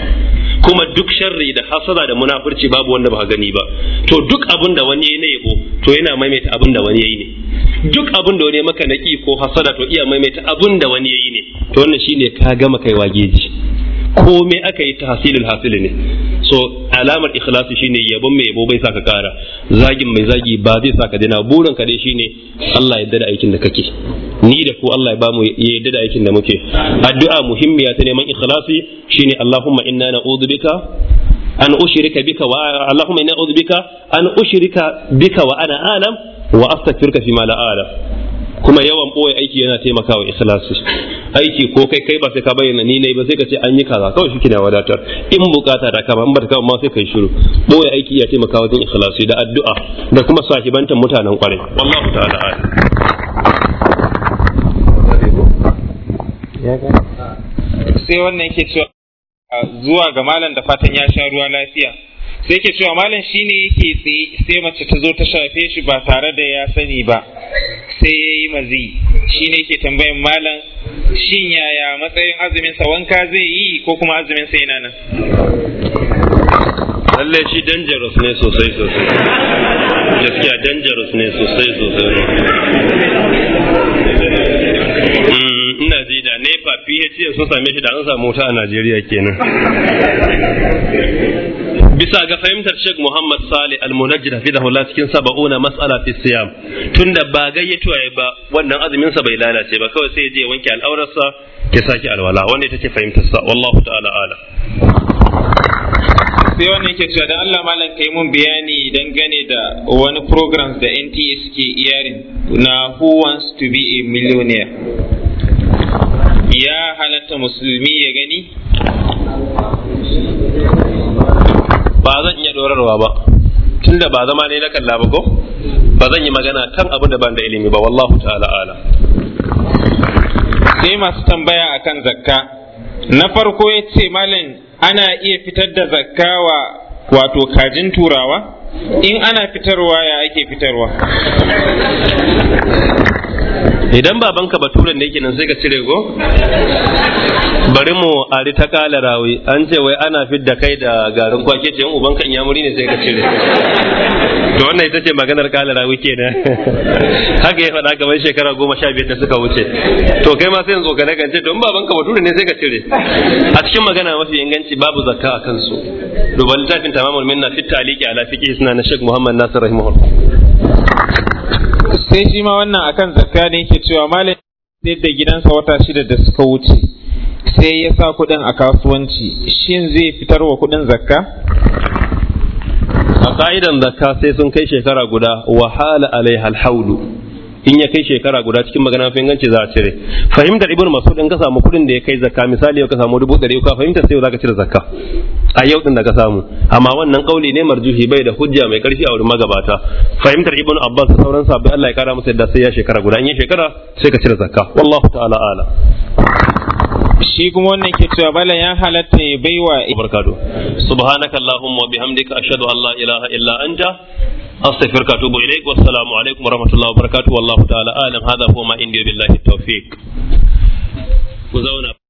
kuma duk sharri da hasada da munafurci babu wanda baka gani ba to duk abin da wani yayi na yabo to yana maimaita abin da wani yayi ne duk abin da wani ya maka naki ko hasada to iya maimaita abin da wani yayi ne to wannan shine ka gama kai geji. komai aka yi hasilin hasili ne so alamar ikhlasi shine yabon mai yabo bai ka kara zagin mai zagi ba zai ka daina burin ka dai shine Allah ya da aikin da kake ni da ku Allah ya bamu ya yarda da aikin da muke addu'a muhimmiya ta neman ikhlasi shine Allahumma inna na'udhu bika an ushrika bika wa Allahumma inna na'udhu bika an ushrika bika wa ana alam wa astaghfiruka fi ma la alam kuma yawan boye aiki yana taimakawa ikhlasi aiki ko kai kai ba sai ka bayyana ni ne ba sai ka ce an yi kaza kawai shi na wadatar in bukata ta kama in ba ta ma sai kai shiru boye aiki ya taimakawa wajen ikhlasi da addu'a da kuma sahibantan mutanen kwarai wallahu ta'ala sai wannan yake cewa zuwa ga malam da fatan ya sha ruwa lafiya sai ke cewa malam shi ne yake tsaye sai mace ta zo ta shafe shi ba tare da ya sani ba sai ya yi mazi shi ne yake tambayin malam shin yaya matsayin azuminsa wanka zai yi ko kuma azuminsa yana nan lalle shi dangerous ne sosai sosai gaskiya dangerous ne sosai sosai mm, ina ji da nepa phd sun same shi da an samu wuta a najeriya kenan bisa ga fahimtar Sheikh Muhammad Salih Al-Munajjid hafizahullah cikin saba'una mas'ala fi siyam tunda ba gayyato ya ba wannan azumin sa bai lalace ba kawai sai ya je wanke al'aurarsa ke saki alwala wanda take fahimtar sa wallahu ta'ala ala sai wannan yake cewa dan Allah malam kai mun bayani dangane da wani program da NTA suke iyarin na who wants to be a millionaire ya halatta musulmi ya gani ba zan iya dorarwa ba tunda ba zama ne na kalla ba ko ba zan yi magana kan abin da ban da ilimi ba wallahu ta'ala ala sai masu tambaya akan zakka na farko ya ce malam ana iya fitar da zakka wa wato kajin turawa in ana fitarwa ya ake fitarwa idan babanka baturen ne kenan sai ka cire go bari mu ari ta kala rawi an ce wai ana fidda kai da garin kwake ce uban kan yamuri ne sai ka cire to wannan ita ce maganar kala rawi kenan haka ya faɗa gaban shekara goma sha biyar da suka wuce to kai ma sai yanzu ka na ce. don babanka bature ne sai ka cire a cikin magana mafi inganci babu zakka a kansu duban littafin tamamul minna fit taliki ala fiqh suna na Sheikh Muhammad Nasir rahimahullah sai shi ma wannan akan zakka ne yake cewa malam sai da gidansa wata shida da suka wuce sai ya sa kuɗin a kasuwanci shin zai fitar wa kuɗin zakka a ka'idan zakka sai sun kai shekara guda wahala alai alhaulu in ya kai shekara guda cikin magana fa inganci za a cire fahimtar ibnu mas'ud in ka samu kuɗin da ya kai zakka misali yau ka samu dubu ɗari ka fahimta sai za ka cire zakka a yau din da ka samu amma wannan kauli ne marjuhi bai da hujja mai karfi a wurin magabata fahimtar ibnu abbas da sauran sabbi Allah ya kara musu yadda sai ya shekara guda in ya shekara sai ka cire zakka wallahu ta'ala ala shi kuma wannan ke cewa bala ya halatta ya baiwa barkado subhanakallahumma wa bihamdika ashhadu an la ilaha illa anta أستغفرك وأتوب إليك والسلام عليكم ورحمة الله وبركاته والله تعالى أعلم هذا هو ما عندي بالله التوفيق وزونا